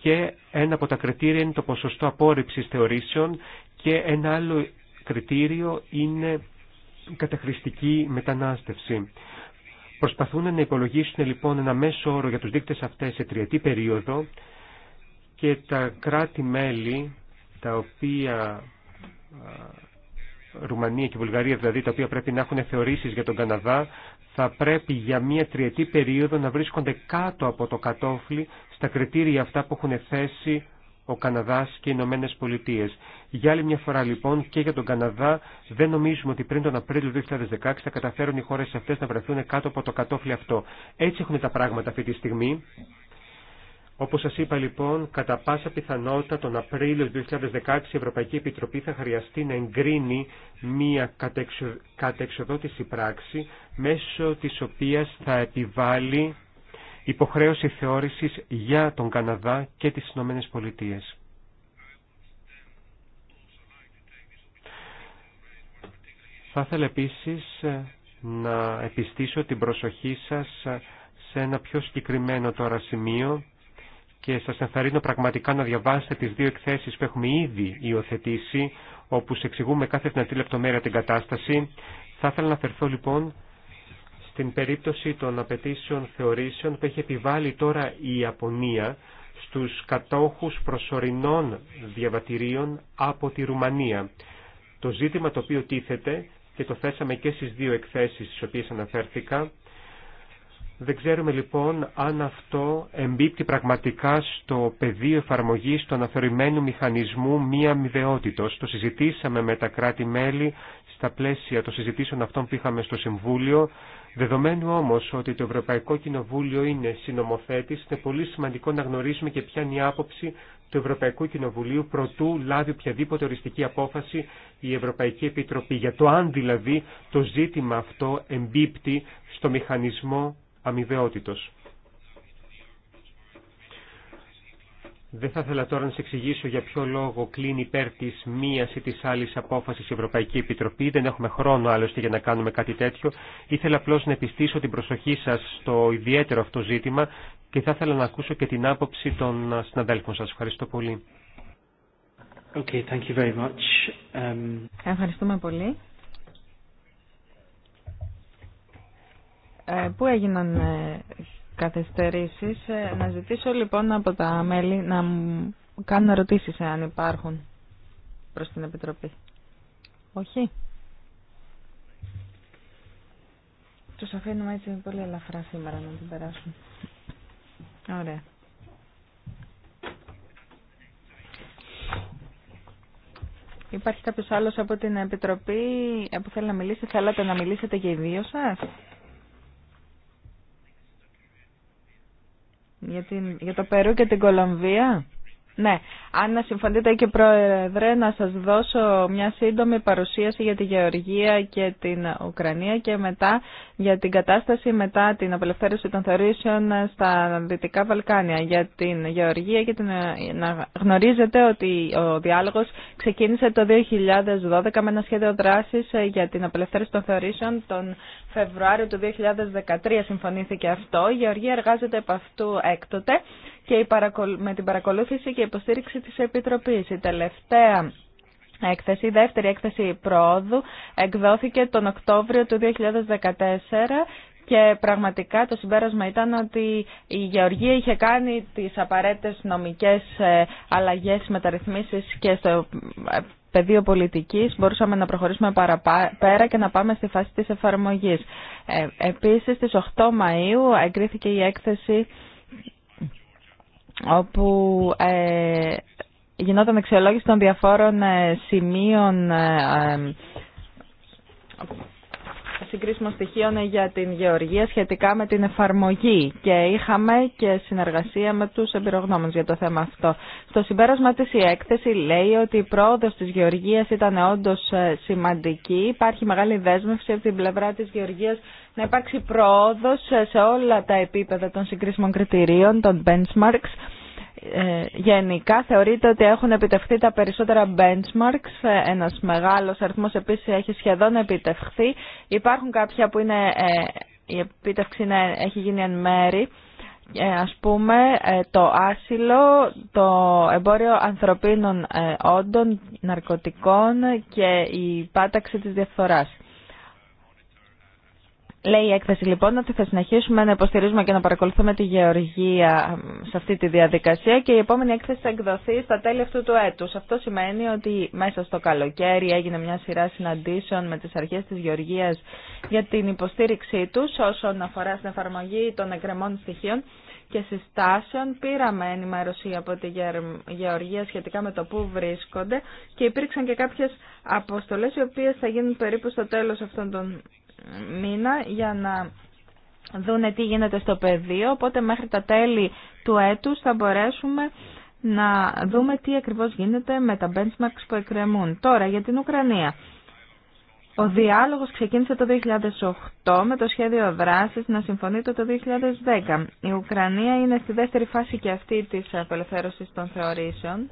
και ένα από τα κριτήρια είναι το ποσοστό απόρριψης θεωρήσεων και ένα άλλο κριτήριο είναι καταχρηστική μετανάστευση. Προσπαθούν να υπολογίσουν λοιπόν ένα μέσο όρο για τους δείκτες αυτές σε τριετή περίοδο και τα κράτη-μέλη τα οποία Ρουμανία και Βουλγαρία δηλαδή, τα οποία πρέπει να έχουν θεωρήσεις για τον Καναδά, θα πρέπει για μία τριετή περίοδο να βρίσκονται κάτω από το κατόφλι στα κριτήρια αυτά που έχουν θέσει ο Καναδάς και οι Ηνωμένε Πολιτείε. Για άλλη μια φορά λοιπόν και για τον Καναδά δεν νομίζουμε ότι πριν τον Απρίλιο 2016 θα καταφέρουν οι χώρες αυτές να βρεθούν κάτω από το κατόφλι αυτό. Έτσι έχουν τα πράγματα αυτή τη στιγμή. Όπως σας είπα λοιπόν, κατά πάσα πιθανότητα τον Απρίλιο 2016 η Ευρωπαϊκή Επιτροπή θα χρειαστεί να εγκρίνει μία κατεξοδότηση πράξη μέσω της οποίας θα επιβάλλει υποχρέωση θεώρησης για τον Καναδά και τις Ηνωμένες Πολιτείες. Θα ήθελα επίσης ε, να επιστήσω την προσοχή σας ε, σε ένα πιο συγκεκριμένο τώρα σημείο και σας ενθαρρύνω πραγματικά να διαβάσετε τις δύο εκθέσεις που έχουμε ήδη υιοθετήσει, όπου σε εξηγούμε κάθε δυνατή λεπτομέρεια την κατάσταση. Θα ήθελα να αφαιρθώ λοιπόν στην περίπτωση των απαιτήσεων θεωρήσεων που έχει επιβάλει τώρα η Ιαπωνία στους κατόχους προσωρινών διαβατηρίων από τη Ρουμανία. Το ζήτημα το οποίο τίθεται και το θέσαμε και στις δύο εκθέσεις στις οποίες αναφέρθηκα, δεν ξέρουμε λοιπόν αν αυτό εμπίπτει πραγματικά στο πεδίο εφαρμογής του αναθεωρημένου μηχανισμού μία αμοιβαιότητος. Το συζητήσαμε με τα κράτη-μέλη στα πλαίσια των συζητήσεων αυτών που είχαμε στο Συμβούλιο. Δεδομένου όμως ότι το Ευρωπαϊκό Κοινοβούλιο είναι συνομοθέτης, είναι πολύ σημαντικό να γνωρίσουμε και ποια είναι η άποψη του Ευρωπαϊκού Κοινοβουλίου προτού λάβει οποιαδήποτε οριστική απόφαση η Ευρωπαϊκή Επιτροπή. Για το αν δηλαδή το ζήτημα αυτό εμπίπτει στο μηχανισμό αμοιβαιότητος. Δεν θα ήθελα τώρα να σε εξηγήσω για ποιο λόγο κλείνει υπέρ τη μία ή τη άλλη απόφαση η Ευρωπαϊκή Επιτροπή. Δεν έχουμε χρόνο άλλωστε για να κάνουμε κάτι τέτοιο. Ήθελα απλώ να επιστήσω την προσοχή σα στο ιδιαίτερο αυτό ζήτημα και θα ήθελα να ακούσω και την άποψη των συναδέλφων σα. Ευχαριστώ πολύ. Okay, thank you very much. Um, Ευχαριστούμε πολύ. Ε, που έγιναν ε, καθυστερήσεις. Ε, να ζητήσω λοιπόν από τα μέλη να μου κάνουν ερωτήσεις αν υπάρχουν προς την Επιτροπή. Όχι. Τους αφήνουμε έτσι πολύ ελαφρά σήμερα να την περάσουν. Ωραία. Υπάρχει κάποιος άλλος από την Επιτροπή που θέλει να μιλήσει. Θέλατε να μιλήσετε και οι δύο σας. Για, την, για το Περού και την Κολομβία. Ναι, αν συμφωνείτε και πρόεδρε να σας δώσω μια σύντομη παρουσίαση για τη Γεωργία και την Ουκρανία και μετά για την κατάσταση μετά την απελευθέρωση των θεωρήσεων στα Δυτικά Βαλκάνια. Για την Γεωργία και την... να γνωρίζετε ότι ο διάλογος ξεκίνησε το 2012 με ένα σχέδιο δράσης για την απελευθέρωση των θεωρήσεων των Φεβρουάριο του 2013 συμφωνήθηκε αυτό. Η Γεωργία εργάζεται από αυτού έκτοτε και με την παρακολούθηση και υποστήριξη της Επιτροπής. Η τελευταία έκθεση, η δεύτερη έκθεση πρόοδου εκδόθηκε τον Οκτώβριο του 2014 και πραγματικά το συμπέρασμα ήταν ότι η Γεωργία είχε κάνει τις απαραίτητες νομικές ε, αλλαγές, μεταρρυθμίσεις και στο ε, πεδίο πολιτικής μπορούσαμε να προχωρήσουμε παραπέρα και να πάμε στη φάση της εφαρμογής. Ε, επίσης, στις 8 Μαΐου εγκρίθηκε η έκθεση όπου ε, γινόταν αξιολόγηση των διαφόρων ε, σημείων στοιχείο είναι για την γεωργία σχετικά με την εφαρμογή και είχαμε και συνεργασία με τους εμπειρογνώμονες για το θέμα αυτό. Στο συμπέρασμα της η έκθεση λέει ότι η πρόοδος της γεωργίας ήταν όντως ε, σημαντική. Υπάρχει μεγάλη δέσμευση από την πλευρά της γεωργίας να υπάρξει πρόοδος ε, σε όλα τα επίπεδα των συγκρίσιμων κριτηρίων, των benchmarks ε, γενικά θεωρείται ότι έχουν επιτευχθεί τα περισσότερα benchmarks. Ε, ένας μεγάλος αριθμός επίσης έχει σχεδόν επιτευχθεί. Υπάρχουν κάποια που είναι, ε, η επίτευξη έχει γίνει εν μέρη. Ας πούμε το άσυλο, το εμπόριο ανθρωπίνων όντων, ναρκωτικών και η πάταξη της διαφθοράς. Λέει η έκθεση λοιπόν ότι θα συνεχίσουμε να υποστηρίζουμε και να παρακολουθούμε τη γεωργία σε αυτή τη διαδικασία και η επόμενη έκθεση θα εκδοθεί στα τέλη αυτού του έτους. Αυτό σημαίνει ότι μέσα στο καλοκαίρι έγινε μια σειρά συναντήσεων με τις αρχές της γεωργίας για την υποστήριξή τους όσον αφορά στην εφαρμογή των εκκρεμών στοιχείων και συστάσεων. Πήραμε ενημέρωση από τη Γεωργία σχετικά με το πού βρίσκονται και υπήρξαν και κάποιες αποστολές οι οποίε θα γίνουν περίπου στο τέλος αυτών των μήνα για να δούνε τι γίνεται στο πεδίο, οπότε μέχρι τα τέλη του έτους θα μπορέσουμε να δούμε τι ακριβώς γίνεται με τα benchmarks που εκκρεμούν. Τώρα για την Ουκρανία. Ο διάλογος ξεκίνησε το 2008 με το σχέδιο δράσης να συμφωνεί το 2010. Η Ουκρανία είναι στη δεύτερη φάση και αυτή της απελευθέρωσης των θεωρήσεων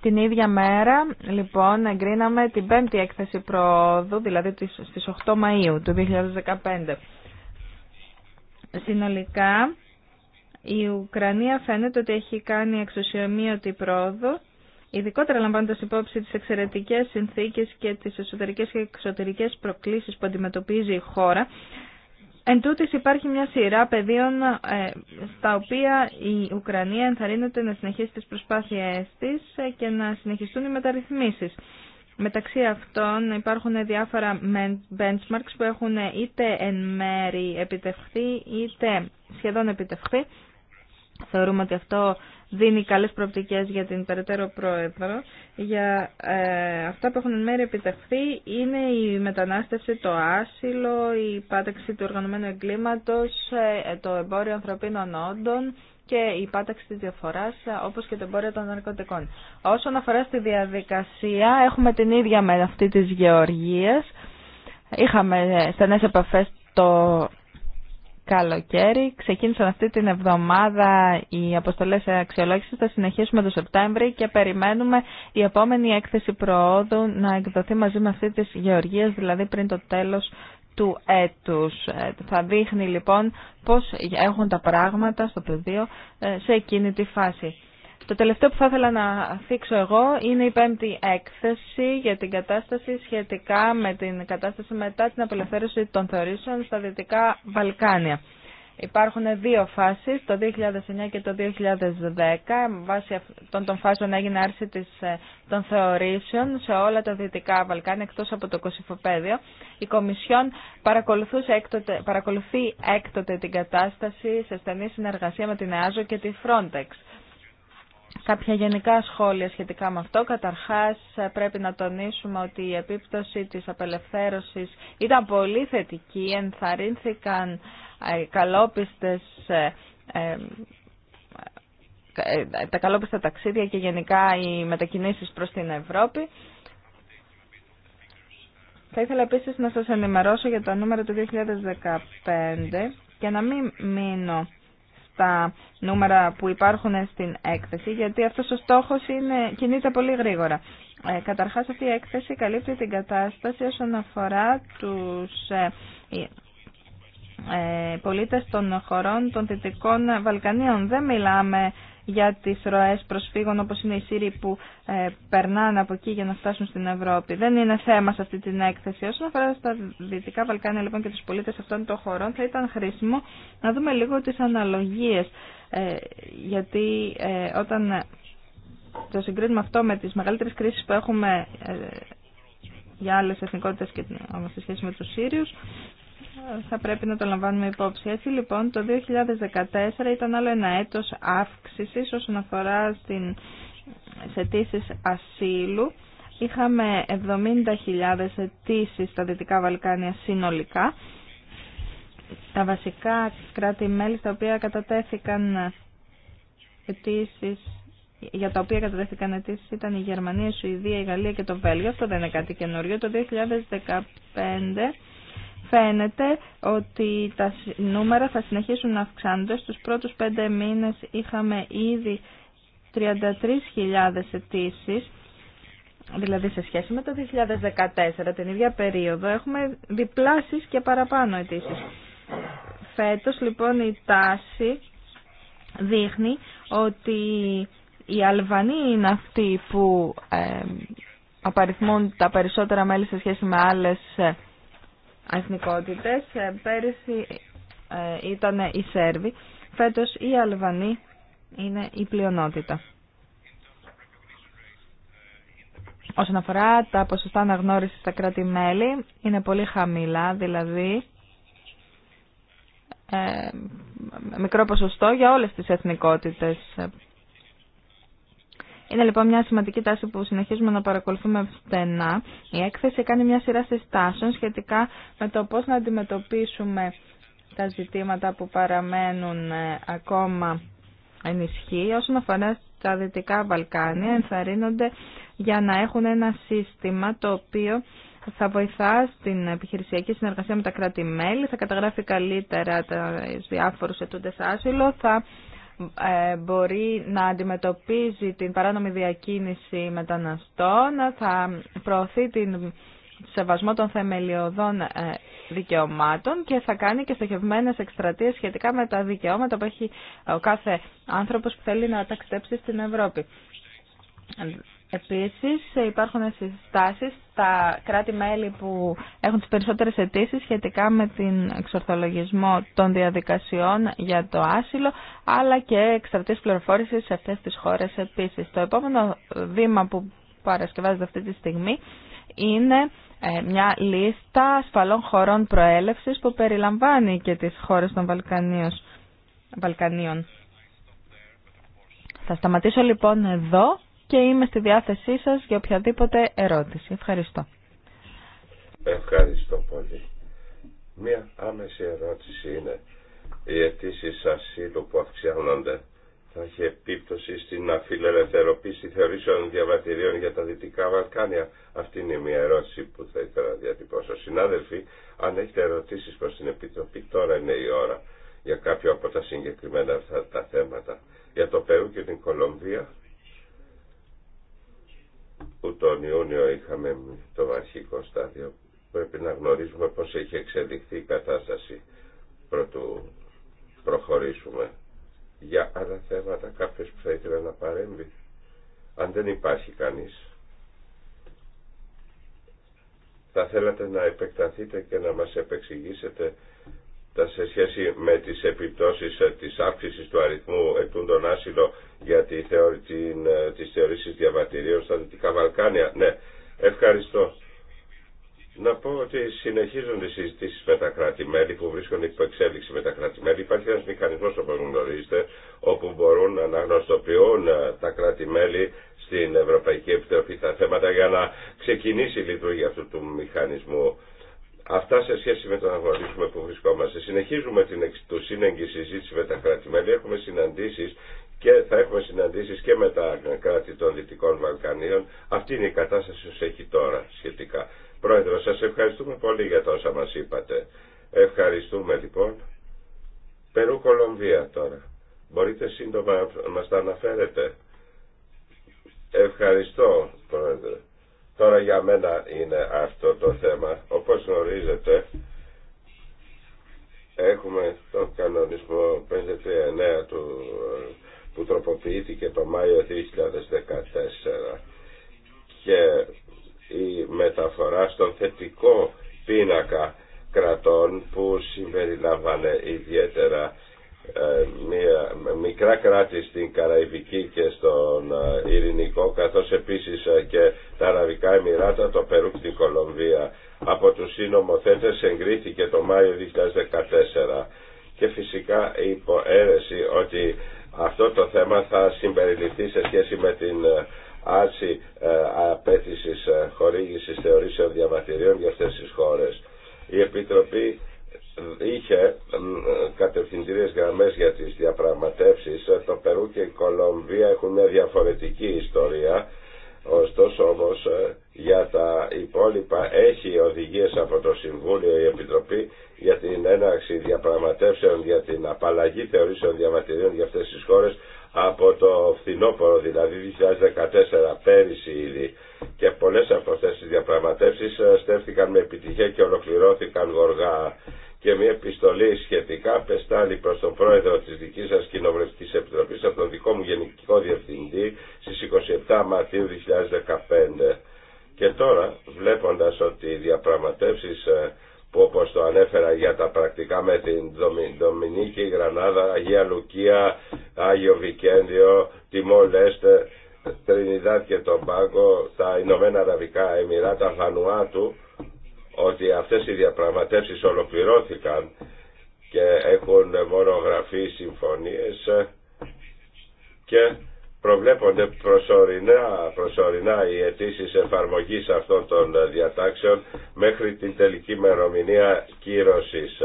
την ίδια μέρα, λοιπόν, εγκρίναμε την πέμπτη έκθεση προόδου, δηλαδή στις 8 Μαΐου του 2015. Συνολικά, η Ουκρανία φαίνεται ότι έχει κάνει εξουσιομοίωτη πρόοδο, ειδικότερα λαμβάνοντας υπόψη τις εξαιρετικές συνθήκες και τις εσωτερικές και εξωτερικές προκλήσεις που αντιμετωπίζει η χώρα Εν τούτης υπάρχει μια σειρά πεδίων ε, στα οποία η Ουκρανία ενθαρρύνεται να συνεχίσει τις προσπάθειές της ε, και να συνεχιστούν οι μεταρρυθμίσεις. Μεταξύ αυτών υπάρχουν διάφορα benchmarks που έχουν είτε εν μέρη επιτευχθεί είτε σχεδόν επιτευχθεί Θεωρούμε ότι αυτό δίνει καλές προοπτικές για την περαιτέρω πρόεδρο. Για ε, αυτά που έχουν μέρη επιτευχθεί είναι η μετανάστευση, το άσυλο, η πάταξη του οργανωμένου εγκλήματος, ε, το εμπόριο ανθρωπίνων όντων και η πάταξη της διαφοράς ε, όπως και το εμπόριο των ναρκωτικών. Όσον αφορά στη διαδικασία έχουμε την ίδια με αυτή της Γεωργίας. Είχαμε στενές επαφές το καλοκαίρι. Ξεκίνησαν αυτή την εβδομάδα οι αποστολέ αξιολόγηση. Θα συνεχίσουμε το Σεπτέμβρη και περιμένουμε η επόμενη έκθεση προόδου να εκδοθεί μαζί με αυτή τη γεωργία, δηλαδή πριν το τέλος του έτους. Ε, θα δείχνει λοιπόν πώς έχουν τα πράγματα στο πεδίο ε, σε εκείνη τη φάση. Το τελευταίο που θα ήθελα να θίξω εγώ είναι η πέμπτη έκθεση για την κατάσταση σχετικά με την κατάσταση μετά την απελευθέρωση των θεωρήσεων στα Δυτικά Βαλκάνια. Υπάρχουν δύο φάσεις, το 2009 και το 2010. Βάσει αυτών των φάσεων έγινε άρση της, ε, των θεωρήσεων σε όλα τα Δυτικά Βαλκάνια εκτός από το Κωσυφοπαίδιο. Η Κομισιόν έκτοτε, παρακολουθεί έκτοτε την κατάσταση σε στενή συνεργασία με την ΕΑΖΟ και τη Frontex. Κάποια γενικά σχόλια σχετικά με αυτό. Καταρχάς πρέπει να τονίσουμε ότι η επίπτωση της απελευθέρωσης ήταν πολύ θετική. Ενθαρρύνθηκαν ε, ε, ε, τα καλόπιστα ταξίδια και γενικά οι μετακινήσεις προς την Ευρώπη. Θα ήθελα επίσης να σας ενημερώσω για το νούμερο του 2015 και να μην μείνω τα νούμερα που υπάρχουν στην έκθεση, γιατί αυτός ο στόχος είναι, κινείται πολύ γρήγορα. Ε, καταρχάς αυτή η έκθεση καλύπτει την κατάσταση όσον αφορά τους ε, ε πολίτες των χωρών των Δυτικών Βαλκανίων. Δεν μιλάμε για τις ροές προσφύγων όπως είναι οι Σύριοι που ε, περνάνε από εκεί για να φτάσουν στην Ευρώπη. Δεν είναι θέμα σε αυτή την έκθεση. Όσον αφορά στα Δυτικά Βαλκάνια λοιπόν και τους πολίτες αυτών των χωρών θα ήταν χρήσιμο να δούμε λίγο τις αναλογίες. Ε, γιατί ε, όταν το συγκρίνουμε αυτό με τις μεγαλύτερες κρίσεις που έχουμε για άλλες εθνικότητες και σε σχέση με τους Σύριους θα πρέπει να το λαμβάνουμε υπόψη. Έτσι λοιπόν το 2014 ήταν άλλο ένα έτος αύξησης όσον αφορά στην αιτήσει ασύλου. Είχαμε 70.000 αιτήσει στα Δυτικά Βαλκάνια συνολικά. Τα βασικά κράτη-μέλη στα οποία κατατέθηκαν για τα οποία κατατέθηκαν αιτήσει ήταν η Γερμανία, η Σουηδία, η Γαλλία και το Βέλγιο. Αυτό δεν είναι κάτι καινούριο. Το 2015 φαίνεται ότι τα νούμερα θα συνεχίσουν να αυξάνονται. Στους πρώτους πέντε μήνες είχαμε ήδη 33.000 αιτήσει, δηλαδή σε σχέση με το 2014, την ίδια περίοδο, έχουμε διπλάσεις και παραπάνω αιτήσει. Φέτος λοιπόν η τάση δείχνει ότι οι Αλβανοί είναι αυτοί που ε, απαριθμούν τα περισσότερα μέλη σε σχέση με άλλες ε, εθνικότητες. Ε, πέρυσι ε, ήταν οι Σέρβοι, φέτος οι Αλβανοί είναι η πλειονότητα. Όσον αφορά τα ποσοστά αναγνώρισης στα κράτη-μέλη, είναι πολύ χαμηλά, δηλαδή ε, μικρό ποσοστό για όλες τις εθνικότητες είναι λοιπόν μια σημαντική τάση που συνεχίζουμε να παρακολουθούμε στενά. Η έκθεση κάνει μια σειρά συστάσεων σχετικά με το πώς να αντιμετωπίσουμε τα ζητήματα που παραμένουν ε, ακόμα ενισχύ. όσον αφορά τα Δυτικά Βαλκάνια ενθαρρύνονται για να έχουν ένα σύστημα το οποίο θα βοηθά στην επιχειρησιακή συνεργασία με τα κράτη-μέλη, θα καταγράφει καλύτερα τα διάφορους ετούντες άσυλο, θα ε, μπορεί να αντιμετωπίζει την παράνομη διακίνηση μεταναστών, θα προωθεί την σεβασμό των θεμελιωδών ε, δικαιωμάτων και θα κάνει και στοχευμένες εκστρατείες σχετικά με τα δικαιώματα που έχει ο κάθε άνθρωπος που θέλει να ταξιδέψει στην Ευρώπη. Επίσης υπάρχουν συστάσεις τα κράτη-μέλη που έχουν τις περισσότερες αιτήσει σχετικά με την εξορθολογισμό των διαδικασιών για το άσυλο, αλλά και εξαρτής πληροφόρηση σε αυτές τις χώρες επίσης. Το επόμενο βήμα που παρασκευάζεται αυτή τη στιγμή είναι ε, μια λίστα ασφαλών χωρών προέλευσης που περιλαμβάνει και τις χώρες των Βαλκανίων. Θα σταματήσω λοιπόν εδώ και είμαι στη διάθεσή σας για οποιαδήποτε ερώτηση. Ευχαριστώ. Ευχαριστώ πολύ. Μία άμεση ερώτηση είναι οι αιτήσει ασύλου που αυξάνονται θα έχει επίπτωση στην αφιλελευθερωπήση θεωρήσεων διαβατηρίων για τα Δυτικά Βαλκάνια. Αυτή είναι μια ερώτηση που θα ήθελα να διατυπώσω. Συνάδελφοι, αν έχετε ερωτήσει προ την Επιτροπή, τώρα είναι η ώρα για κάποιο από τα συγκεκριμένα αυτά τα θέματα. Για το Περού και την Κολομβία που τον Ιούνιο είχαμε το αρχικό στάδιο. Πρέπει να γνωρίζουμε πώς έχει εξελιχθεί η κατάσταση πρωτού προχωρήσουμε. Για άλλα θέματα κάποιος που θα ήθελε να παρέμβει. Αν δεν υπάρχει κανείς. Θα θέλατε να επεκταθείτε και να μας επεξηγήσετε σε σχέση με τις επιπτώσεις ε, της αύξησης του αριθμού ετούντων άσυλο για τι θεωρη, ε, τις θεωρήσεις διαβατηρίων στα Δυτικά Βαλκάνια. Ναι, ευχαριστώ. Να πω ότι συνεχίζονται οι συζητήσει με τα κράτη-μέλη που βρίσκονται υπό εξέλιξη με τα κράτη-μέλη. Υπάρχει ένα μηχανισμό, όπω γνωρίζετε, όπου μπορούν να αναγνωστοποιούν ε, τα κράτη-μέλη στην Ευρωπαϊκή Επιτροπή τα θέματα για να ξεκινήσει η λειτουργία αυτού του μηχανισμού Αυτά σε σχέση με τον αγωνισμό που βρισκόμαστε. Συνεχίζουμε την του συζήτηση με τα κράτη-μέλη. Έχουμε συναντήσεις και θα έχουμε συναντήσεις και με τα κράτη των Δυτικών Βαλκανίων. Αυτή είναι η κατάσταση που έχει τώρα σχετικά. Πρόεδρο, σας ευχαριστούμε πολύ για τόσα όσα μας είπατε. Ευχαριστούμε λοιπόν. Περού Κολομβία τώρα. Μπορείτε σύντομα να μας τα αναφέρετε. Ευχαριστώ, Πρόεδρε. Τώρα για μένα είναι αυτό το θέμα. Όπως γνωρίζετε έχουμε τον κανονισμό 539 του, που τροποποιήθηκε το Μάιο 2014 και η μεταφορά στον θετικό πίνακα κρατών που συμπεριλάμβανε ιδιαίτερα ε, μια, μικρά κράτη στην Καραϊβική και στον ε, Ειρηνικό καθώς επίσης ε, και τα Αραβικά Εμμυράτα, το Περού και την Κολομβία. Από τους συνομοθέτες εγκρίθηκε το Μάιο 2014 και φυσικά η υποαίρεση ότι αυτό το θέμα θα συμπεριληφθεί σε σχέση με την άρση απέτησης χορήγησης θεωρήσεων διαβατηρίων για αυτές τις χώρες. Η Επιτροπή είχε κατευθυντηρίες γραμμές για τις διαπραγματεύσεις το Περού και η Κολομβία έχουν μια διαφορετική ιστορία ωστόσο όμως ε, για τα υπόλοιπα έχει οδηγίες από το Συμβούλιο η Επιτροπή για την έναρξη διαπραγματεύσεων για την απαλλαγή θεωρήσεων διαβατηρίων για αυτές τις χώρες από το φθινόπωρο δηλαδή 2014 πέρυσι ήδη και πολλές από αυτές τις διαπραγματεύσεις ε, στέφθηκαν με επιτυχία και ολοκληρώθηκαν γοργά και μια επιστολή σχετικά πεστάλη προς τον πρόεδρο της δικής σας κοινοβουλευτικής επιτροπής από τον δικό μου γενικό διευθυντή στις 27 Μαρτίου 2015. Και τώρα βλέποντας ότι οι διαπραγματεύσεις ε, που όπως το ανέφερα για τα πρακτικά με την Δομινίκη, Γρανάδα, Αγία Λουκία, Άγιο Βικένδιο, Τιμό Λέστε, Τρινιδάτ και τον Πάγκο, τα Ηνωμένα Αραβικά Εμμυράτα, Βανουάτου, ότι αυτές οι διαπραγματεύσεις ολοκληρώθηκαν και έχουν μονογραφεί συμφωνίες και προβλέπονται προσωρινά, προσωρινά οι αιτήσει εφαρμογής αυτών των διατάξεων μέχρι την τελική μερομηνία κύρωσης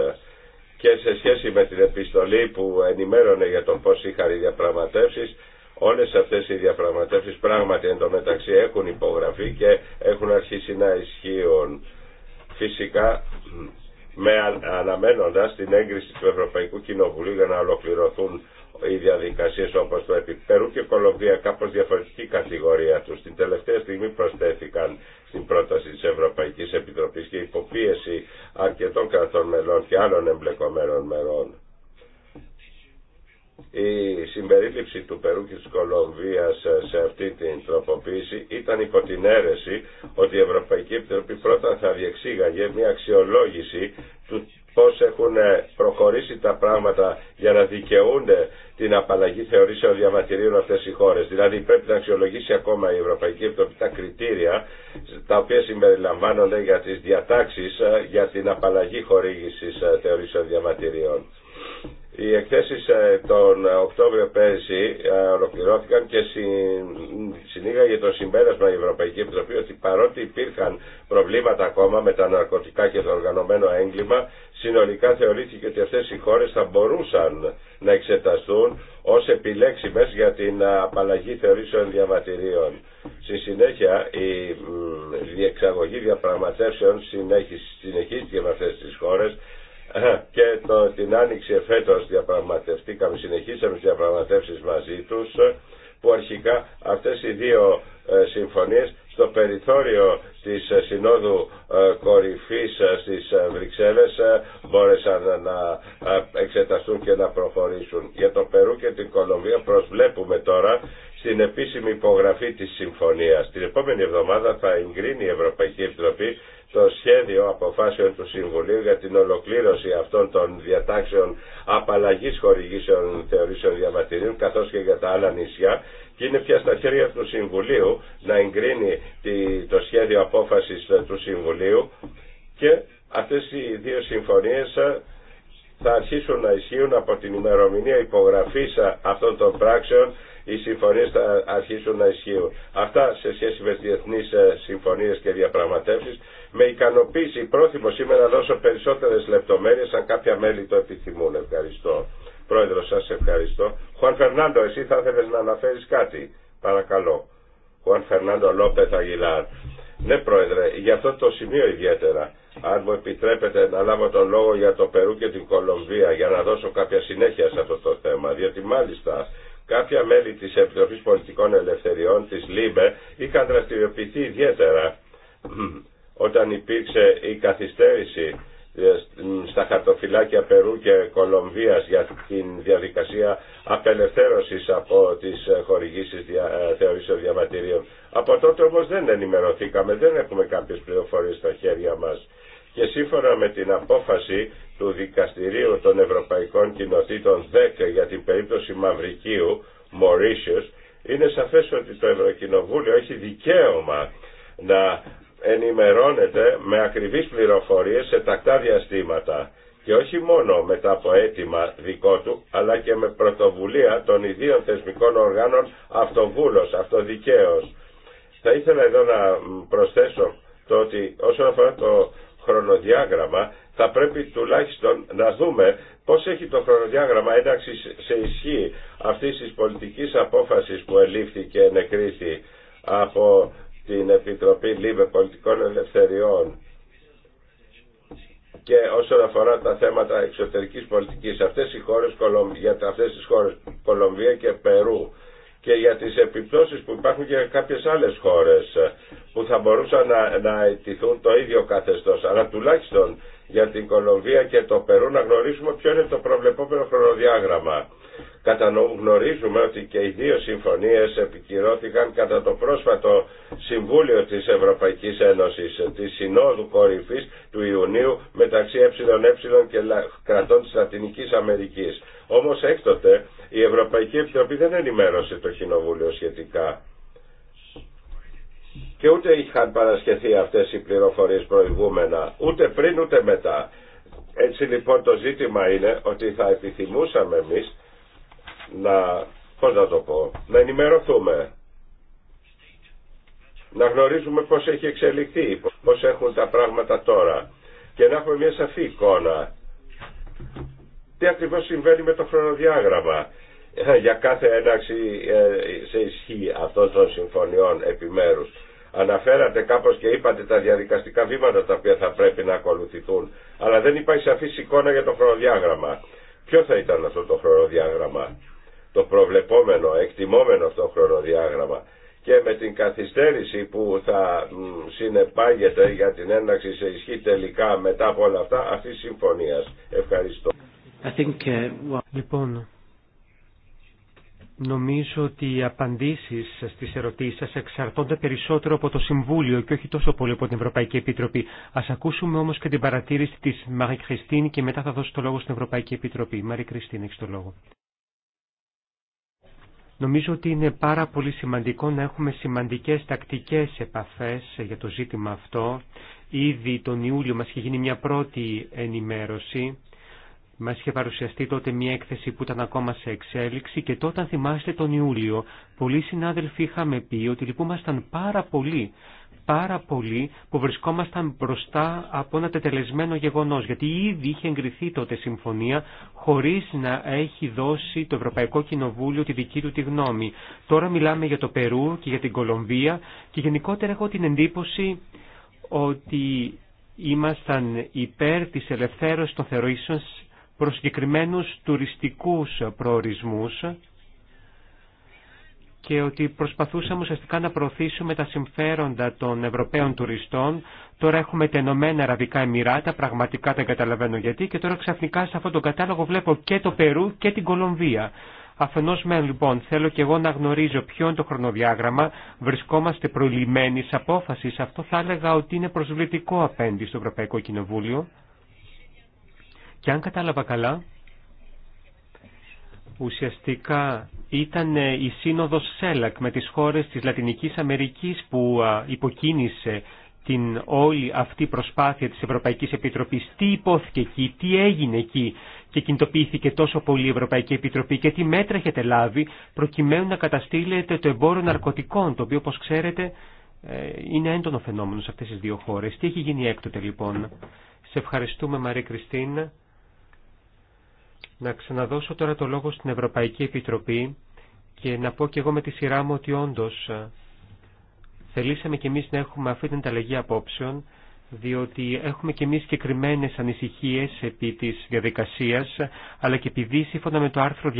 και σε σχέση με την επιστολή που ενημέρωνε για το πώς είχαν οι διαπραγματεύσεις όλες αυτές οι διαπραγματεύσεις πράγματι μεταξύ έχουν υπογραφεί και έχουν αρχίσει να ισχύουν φυσικά με αναμένοντας την έγκριση του Ευρωπαϊκού Κοινοβουλίου για να ολοκληρωθούν οι διαδικασίες όπως το επιπέρου και Κολομβία κάπως διαφορετική κατηγορία τους. Την τελευταία στιγμή προσθέθηκαν στην πρόταση της Ευρωπαϊκής Επιτροπής και υποπίεση αρκετών κρατών μελών και άλλων εμπλεκομένων μελών η συμπερίληψη του Περού και της Κολομβίας σε αυτή την τροποποίηση ήταν υπό την αίρεση ότι η Ευρωπαϊκή Επιτροπή πρώτα θα διεξήγαγε μια αξιολόγηση του πώς έχουν ε, προχωρήσει τα πράγματα για να δικαιούνται την απαλλαγή θεωρήσεων διαβατηρίων αυτές οι χώρες. Δηλαδή πρέπει να αξιολογήσει ακόμα η Ευρωπαϊκή Επιτροπή τα κριτήρια τα οποία συμπεριλαμβάνονται για τις διατάξεις ε, για την απαλλαγή χορήγησης ε, θεωρήσεων διαβατηρίων. Οι εκθέσεις ε, τον Οκτώβριο πέρυσι ε, ολοκληρώθηκαν και συνήγαγε το συμπέρασμα η Ευρωπαϊκή Επιτροπή ότι παρότι υπήρχαν προβλήματα ακόμα με τα ναρκωτικά και το οργανωμένο έγκλημα, συνολικά θεωρήθηκε ότι αυτές οι χώρες θα μπορούσαν να εξεταστούν ως επιλέξιμες για την απαλλαγή θεωρήσεων διαβατηρίων. Στη συνέχεια η διεξαγωγή διαπραγματεύσεων συνεχίστηκε με αυτές τις χώρες και το, την άνοιξη εφέτος διαπραγματευτήκαμε, συνεχίσαμε τις διαπραγματεύσεις μαζί τους που αρχικά αυτές οι δύο ε, συμφωνίες στο περιθώριο της ε, Συνόδου ε, Κορυφής στις Βρυξέλλες μπόρεσαν να εξεταστούν και να προχωρήσουν. Για το Περού και την Κολομβία προσβλέπουμε τώρα στην επίσημη υπογραφή της συμφωνίας. Την επόμενη εβδομάδα θα εγκρίνει η Ευρωπαϊκή Επιτροπή το σχέδιο αποφάσεων του Συμβουλίου για την ολοκλήρωση αυτών των διατάξεων απαλλαγής χορηγήσεων θεωρήσεων διαβατηρίων καθώς και για τα άλλα νησιά και είναι πια στα χέρια του Συμβουλίου να εγκρίνει το σχέδιο απόφασης του Συμβουλίου και αυτές οι δύο συμφωνίες θα αρχίσουν να ισχύουν από την ημερομηνία υπογραφής αυτών των πράξεων οι συμφωνίε θα αρχίσουν να ισχύουν. Αυτά σε σχέση με τι διεθνεί ε, συμφωνίε και διαπραγματεύσει Με ικανοποίηση πρόθυμο σήμερα να δώσω περισσότερε λεπτομέρειε αν κάποια μέλη το επιθυμούν. Ευχαριστώ. Πρόεδρο, σα ευχαριστώ. Χουαν Φερνάντο, εσύ θα ήθελε να αναφέρει κάτι. Παρακαλώ. Χουαν Φερνάντο Λόπεθ Αγιλάρ. Ναι, Πρόεδρε, για αυτό το σημείο ιδιαίτερα, αν μου επιτρέπετε να λάβω τον λόγο για το Περού και την Κολομβία, για να δώσω κάποια συνέχεια σε αυτό το θέμα, διότι μάλιστα κάποια μέλη της Επιτροπής Πολιτικών Ελευθεριών της ΛΥΜΕ είχαν δραστηριοποιηθεί ιδιαίτερα όταν υπήρξε η καθυστέρηση ε, στα χαρτοφυλάκια Περού και Κολομβίας για την διαδικασία απελευθέρωσης από τις ε, χορηγήσεις δια, ε, θεωρήσεων διαβατηρίων. Από τότε όμως δεν ενημερωθήκαμε, δεν έχουμε κάποιες πληροφορίες στα χέρια μας. Και σύμφωνα με την απόφαση του Δικαστηρίου των Ευρωπαϊκών Κοινοτήτων 10 για την περίπτωση Μαυρικίου, Μωρίσιος... είναι σαφές ότι το Ευρωκοινοβούλιο έχει δικαίωμα να ενημερώνεται με ακριβείς πληροφορίες σε τακτά διαστήματα και όχι μόνο μετά από αίτημα δικό του, αλλά και με πρωτοβουλία των ιδίων θεσμικών οργάνων αυτοβούλος, αυτοδικαίως. Θα ήθελα εδώ να προσθέσω το ότι όσον αφορά το χρονοδιάγραμμα θα πρέπει τουλάχιστον να δούμε πώς έχει το χρονοδιάγραμμα ένταξη σε ισχύ αυτής της πολιτικής απόφασης που ελήφθη και ενεκρίθη από την Επιτροπή Λίβε Πολιτικών Ελευθεριών και όσον αφορά τα θέματα εξωτερικής πολιτικής αυτές οι χώρες, για αυτές τις χώρες Κολομβία και Περού και για τις επιπτώσεις που υπάρχουν και για κάποιες άλλες χώρες που θα μπορούσαν να, να αιτηθούν το ίδιο καθεστώς αλλά τουλάχιστον για την Κολομβία και το Περού να γνωρίσουμε ποιο είναι το προβλεπόμενο χρονοδιάγραμμα. Γνωρίζουμε ότι και οι δύο συμφωνίες επικυρώθηκαν κατά το πρόσφατο Συμβούλιο της Ευρωπαϊκής Ένωσης της Συνόδου Κορυφής του Ιουνίου μεταξύ ΕΕ και κρατών της Λατινικής Αμερικής. Όμως έκτοτε η Ευρωπαϊκή Επιτροπή δεν ενημέρωσε το Κοινοβούλιο σχετικά και ούτε είχαν παρασχεθεί αυτές οι πληροφορίες προηγούμενα, ούτε πριν ούτε μετά. Έτσι λοιπόν το ζήτημα είναι ότι θα επιθυμούσαμε εμείς να, πώς να το πω, να ενημερωθούμε, να γνωρίζουμε πώς έχει εξελιχθεί, πώς έχουν τα πράγματα τώρα και να έχουμε μια σαφή εικόνα τι ακριβώς συμβαίνει με το χρονοδιάγραμμα για κάθε έναξη ε, σε ισχύ αυτών των συμφωνιών επιμέρους Αναφέρατε κάπως και είπατε τα διαδικαστικά βήματα τα οποία θα πρέπει να ακολουθηθούν. Αλλά δεν υπάρχει σαφής εικόνα για το χρονοδιάγραμμα. Ποιο θα ήταν αυτό το χρονοδιάγραμμα. Το προβλεπόμενο, εκτιμόμενο αυτό χρονοδιάγραμμα. Και με την καθυστέρηση που θα συνεπάγεται για την έναξη σε ισχύ τελικά μετά από όλα αυτά αυτή της συμφωνίας. Ευχαριστώ. I think, ε, λοιπόν, Νομίζω ότι οι απαντήσεις στις ερωτήσεις σας εξαρτώνται περισσότερο από το Συμβούλιο και όχι τόσο πολύ από την Ευρωπαϊκή Επιτροπή. Ας ακούσουμε όμως και την παρατήρηση της Μαρή Κριστίν και μετά θα δώσω το λόγο στην Ευρωπαϊκή Επιτροπή. Μαρή Κριστίν, έχει το λόγο. Νομίζω ότι είναι πάρα πολύ σημαντικό να έχουμε σημαντικές τακτικές επαφές για το ζήτημα αυτό. Ήδη τον Ιούλιο μας είχε γίνει μια πρώτη ενημέρωση Μα είχε παρουσιαστεί τότε μια έκθεση που ήταν ακόμα σε εξέλιξη και τότε, αν θυμάστε τον Ιούλιο, πολλοί συνάδελφοι είχαμε πει ότι λυπούμασταν πάρα πολύ, πάρα πολύ που βρισκόμασταν μπροστά από ένα τετελεσμένο γεγονό. γιατί ήδη είχε εγκριθεί τότε συμφωνία χωρί να έχει δώσει το Ευρωπαϊκό Κοινοβούλιο τη δική του τη γνώμη. Τώρα μιλάμε για το Περού και για την Κολομβία και γενικότερα έχω την εντύπωση ότι ήμασταν υπέρ της ελευθέρωση των θεωρήσεων προς συγκεκριμένους τουριστικούς προορισμούς και ότι προσπαθούσαμε ουσιαστικά να προωθήσουμε τα συμφέροντα των Ευρωπαίων τουριστών. Τώρα έχουμε τα Ενωμένα Αραβικά Εμμυράτα, πραγματικά δεν καταλαβαίνω γιατί, και τώρα ξαφνικά σε αυτόν τον κατάλογο βλέπω και το Περού και την Κολομβία. Αφενό με, λοιπόν θέλω και εγώ να γνωρίζω ποιο είναι το χρονοδιάγραμμα, βρισκόμαστε σε απόφαση. Αυτό θα έλεγα ότι είναι προσβλητικό απέντη στο Ευρωπαϊκό Κοινοβούλιο. Και αν κατάλαβα καλά, ουσιαστικά ήταν ε, η σύνοδος ΣΕΛΑΚ με τις χώρες της Λατινικής Αμερικής που υποκίνησε την όλη αυτή προσπάθεια της Ευρωπαϊκής Επιτροπής. Τι υπόθηκε εκεί, τι έγινε εκεί και κινητοποιήθηκε τόσο πολύ η Ευρωπαϊκή Επιτροπή και τι μέτρα έχετε λάβει προκειμένου να καταστήλετε το εμπόριο ναρκωτικών, το οποίο όπως ξέρετε ε, είναι έντονο φαινόμενο σε αυτές τις δύο χώρες. Τι έχει γίνει έκτοτε λοιπόν. Σε ευχαριστούμε Μαρία Κριστίνα. Να ξαναδώσω τώρα το λόγο στην Ευρωπαϊκή Επιτροπή και να πω και εγώ με τη σειρά μου ότι όντως ε, θελήσαμε κι εμείς να έχουμε αυτή την ανταλλαγή απόψεων διότι έχουμε και εμείς συγκεκριμένε ανησυχίες επί της διαδικασίας, αλλά και επειδή σύμφωνα με το άρθρο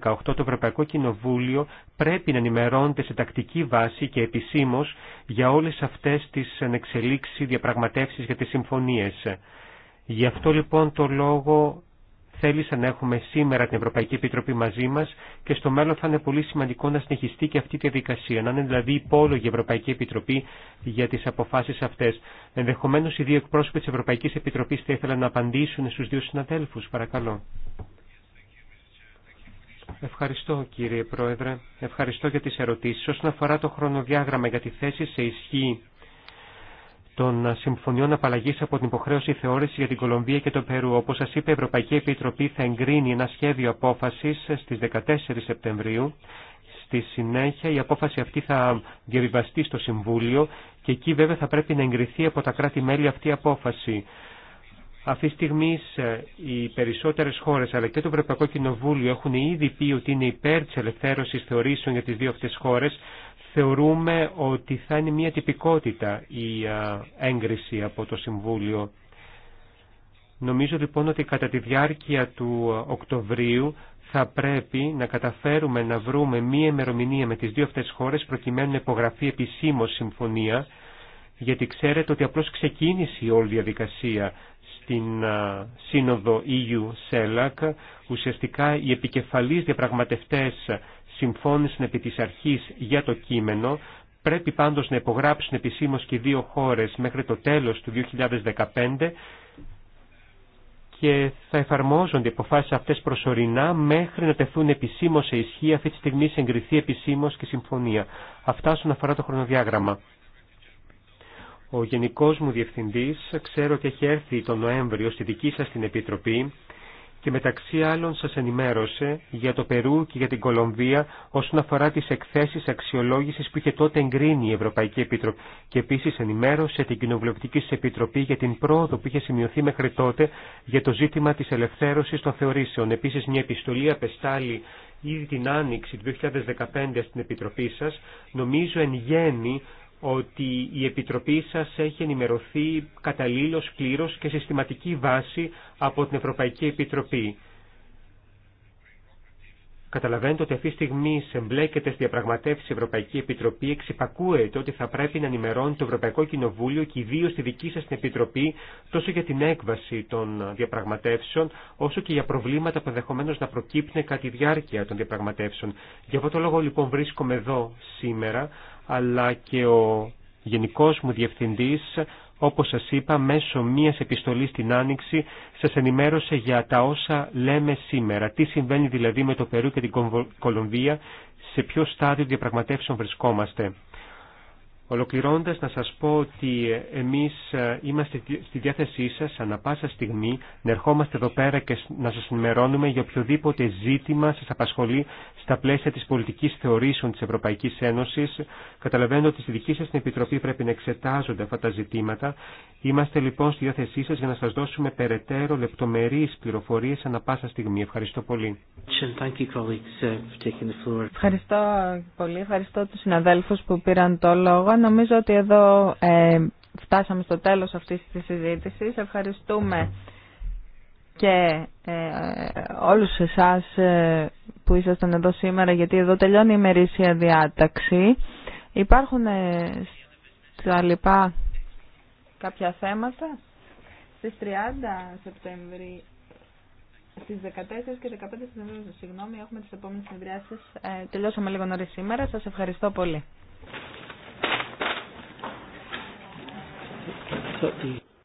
218 το Ευρωπαϊκό Κοινοβούλιο πρέπει να ενημερώνεται σε τακτική βάση και επισήμως για όλες αυτές τις ανεξελίξει διαπραγματεύσεις για τις συμφωνίες. Γι' αυτό λοιπόν το λόγο θέλησαν να έχουμε σήμερα την Ευρωπαϊκή Επιτροπή μαζί μα και στο μέλλον θα είναι πολύ σημαντικό να συνεχιστεί και αυτή τη διαδικασία. Να είναι δηλαδή υπόλογη η Ευρωπαϊκή Επιτροπή για τι αποφάσει αυτέ. Ενδεχομένω οι δύο εκπρόσωποι τη Ευρωπαϊκή Επιτροπή θα ήθελαν να απαντήσουν στου δύο συναδέλφου. Παρακαλώ. Ευχαριστώ κύριε Πρόεδρε. Ευχαριστώ για τις ερωτήσεις. Όσον αφορά το χρονοδιάγραμμα για τη θέση σε ισχύ των συμφωνιών απαλλαγή από την υποχρέωση θεώρηση για την Κολομβία και το Περού. Όπω σα είπε, η Ευρωπαϊκή Επιτροπή θα εγκρίνει ένα σχέδιο απόφαση στι 14 Σεπτεμβρίου. Στη συνέχεια η απόφαση αυτή θα διαβιβαστεί στο Συμβούλιο και εκεί βέβαια θα πρέπει να εγκριθεί από τα κράτη-μέλη αυτή η απόφαση. Αυτή τη στιγμή οι περισσότερε χώρε αλλά και το Ευρωπαϊκό Κοινοβούλιο έχουν ήδη πει ότι είναι υπέρ τη ελευθέρωση θεωρήσεων για τι δύο αυτέ χώρε θεωρούμε ότι θα είναι μια τυπικότητα η έγκριση από το Συμβούλιο. Νομίζω λοιπόν ότι κατά τη διάρκεια του Οκτωβρίου θα πρέπει να καταφέρουμε να βρούμε μία ημερομηνία με τις δύο αυτές χώρες προκειμένου να υπογραφεί επισήμως συμφωνία, γιατί ξέρετε ότι απλώς ξεκίνησε η όλη διαδικασία στην σύνοδο EU-SELAC. Ουσιαστικά οι επικεφαλείς διαπραγματευτές συμφώνησαν επί της αρχής για το κείμενο, πρέπει πάντως να υπογράψουν επισήμως και δύο χώρες μέχρι το τέλος του 2015 και θα εφαρμόζονται οι αποφάσεις αυτές προσωρινά μέχρι να τεθούν επισήμως σε ισχύ αυτή τη στιγμή σε εγκριθεί επισήμως και συμφωνία. Αυτά όσον αφορά το χρονοδιάγραμμα. Ο γενικός μου διευθυντής ξέρω ότι έχει έρθει τον Νοέμβριο στη δική σας την Επιτροπή και μεταξύ άλλων σας ενημέρωσε για το Περού και για την Κολομβία όσον αφορά τις εκθέσεις αξιολόγησης που είχε τότε εγκρίνει η Ευρωπαϊκή Επιτροπή και επίσης ενημέρωσε την Κοινοβουλευτική Επιτροπή για την πρόοδο που είχε σημειωθεί μέχρι τότε για το ζήτημα της ελευθέρωσης των θεωρήσεων. Επίσης μια επιστολή απεστάλλει ήδη την Άνοιξη του 2015 στην Επιτροπή σας. Νομίζω εν γέννη ότι η Επιτροπή σας έχει ενημερωθεί καταλήλως, πλήρως και συστηματική βάση από την Ευρωπαϊκή Επιτροπή. Καταλαβαίνετε ότι αυτή τη στιγμή εμπλέκεται στη διαπραγματεύση η Ευρωπαϊκή Επιτροπή, εξυπακούεται ότι θα πρέπει να ενημερώνει το Ευρωπαϊκό Κοινοβούλιο και ιδίω τη δική σα την Επιτροπή τόσο για την έκβαση των διαπραγματεύσεων, όσο και για προβλήματα που ενδεχομένω να προκύπτουν κατά τη διάρκεια των διαπραγματεύσεων. Για αυτό το λόγο λοιπόν βρίσκομαι εδώ σήμερα, αλλά και ο γενικός μου διευθυντής, όπως σας είπα, μέσω μίας επιστολής στην Άνοιξη, σας ενημέρωσε για τα όσα λέμε σήμερα. Τι συμβαίνει δηλαδή με το Περού και την Κολομβία, σε ποιο στάδιο διαπραγματεύσεων βρισκόμαστε. Ολοκληρώνοντας να σας πω ότι ε, εμείς ε, είμαστε στη διάθεσή σας ανα πάσα στιγμή να ερχόμαστε εδώ πέρα και να σας ενημερώνουμε για οποιοδήποτε ζήτημα σας απασχολεί στα πλαίσια της πολιτικής θεωρήσεων της Ευρωπαϊκής Ένωσης. Καταλαβαίνω ότι στη δική σας την Επιτροπή πρέπει να εξετάζονται αυτά τα ζητήματα. Είμαστε λοιπόν στη διάθεσή σας για να σας δώσουμε περαιτέρω λεπτομερείς πληροφορίες ανα πάσα στιγμή. Ευχαριστώ πολύ. Uh, Ευχαριστώ πολύ. Ευχαριστώ τους συναδέλφους που πήραν το λόγο. Νομίζω ότι εδώ ε, φτάσαμε στο τέλος αυτής της συζήτησης. Ευχαριστούμε και ε, όλους εσάς ε, που ήσασταν εδώ σήμερα, γιατί εδώ τελειώνει η ημερήσια διάταξη. Υπάρχουν στα λοιπά κάποια θέματα. Στις 30 Σεπτεμβρίου στις 14 και 15 Σεπτεμβρίου, συγγνώμη, έχουμε τις επόμενες συνεδριάσει. Ε, τελειώσαμε λίγο νωρίς σήμερα. Σας ευχαριστώ πολύ σε ευχαριστώ.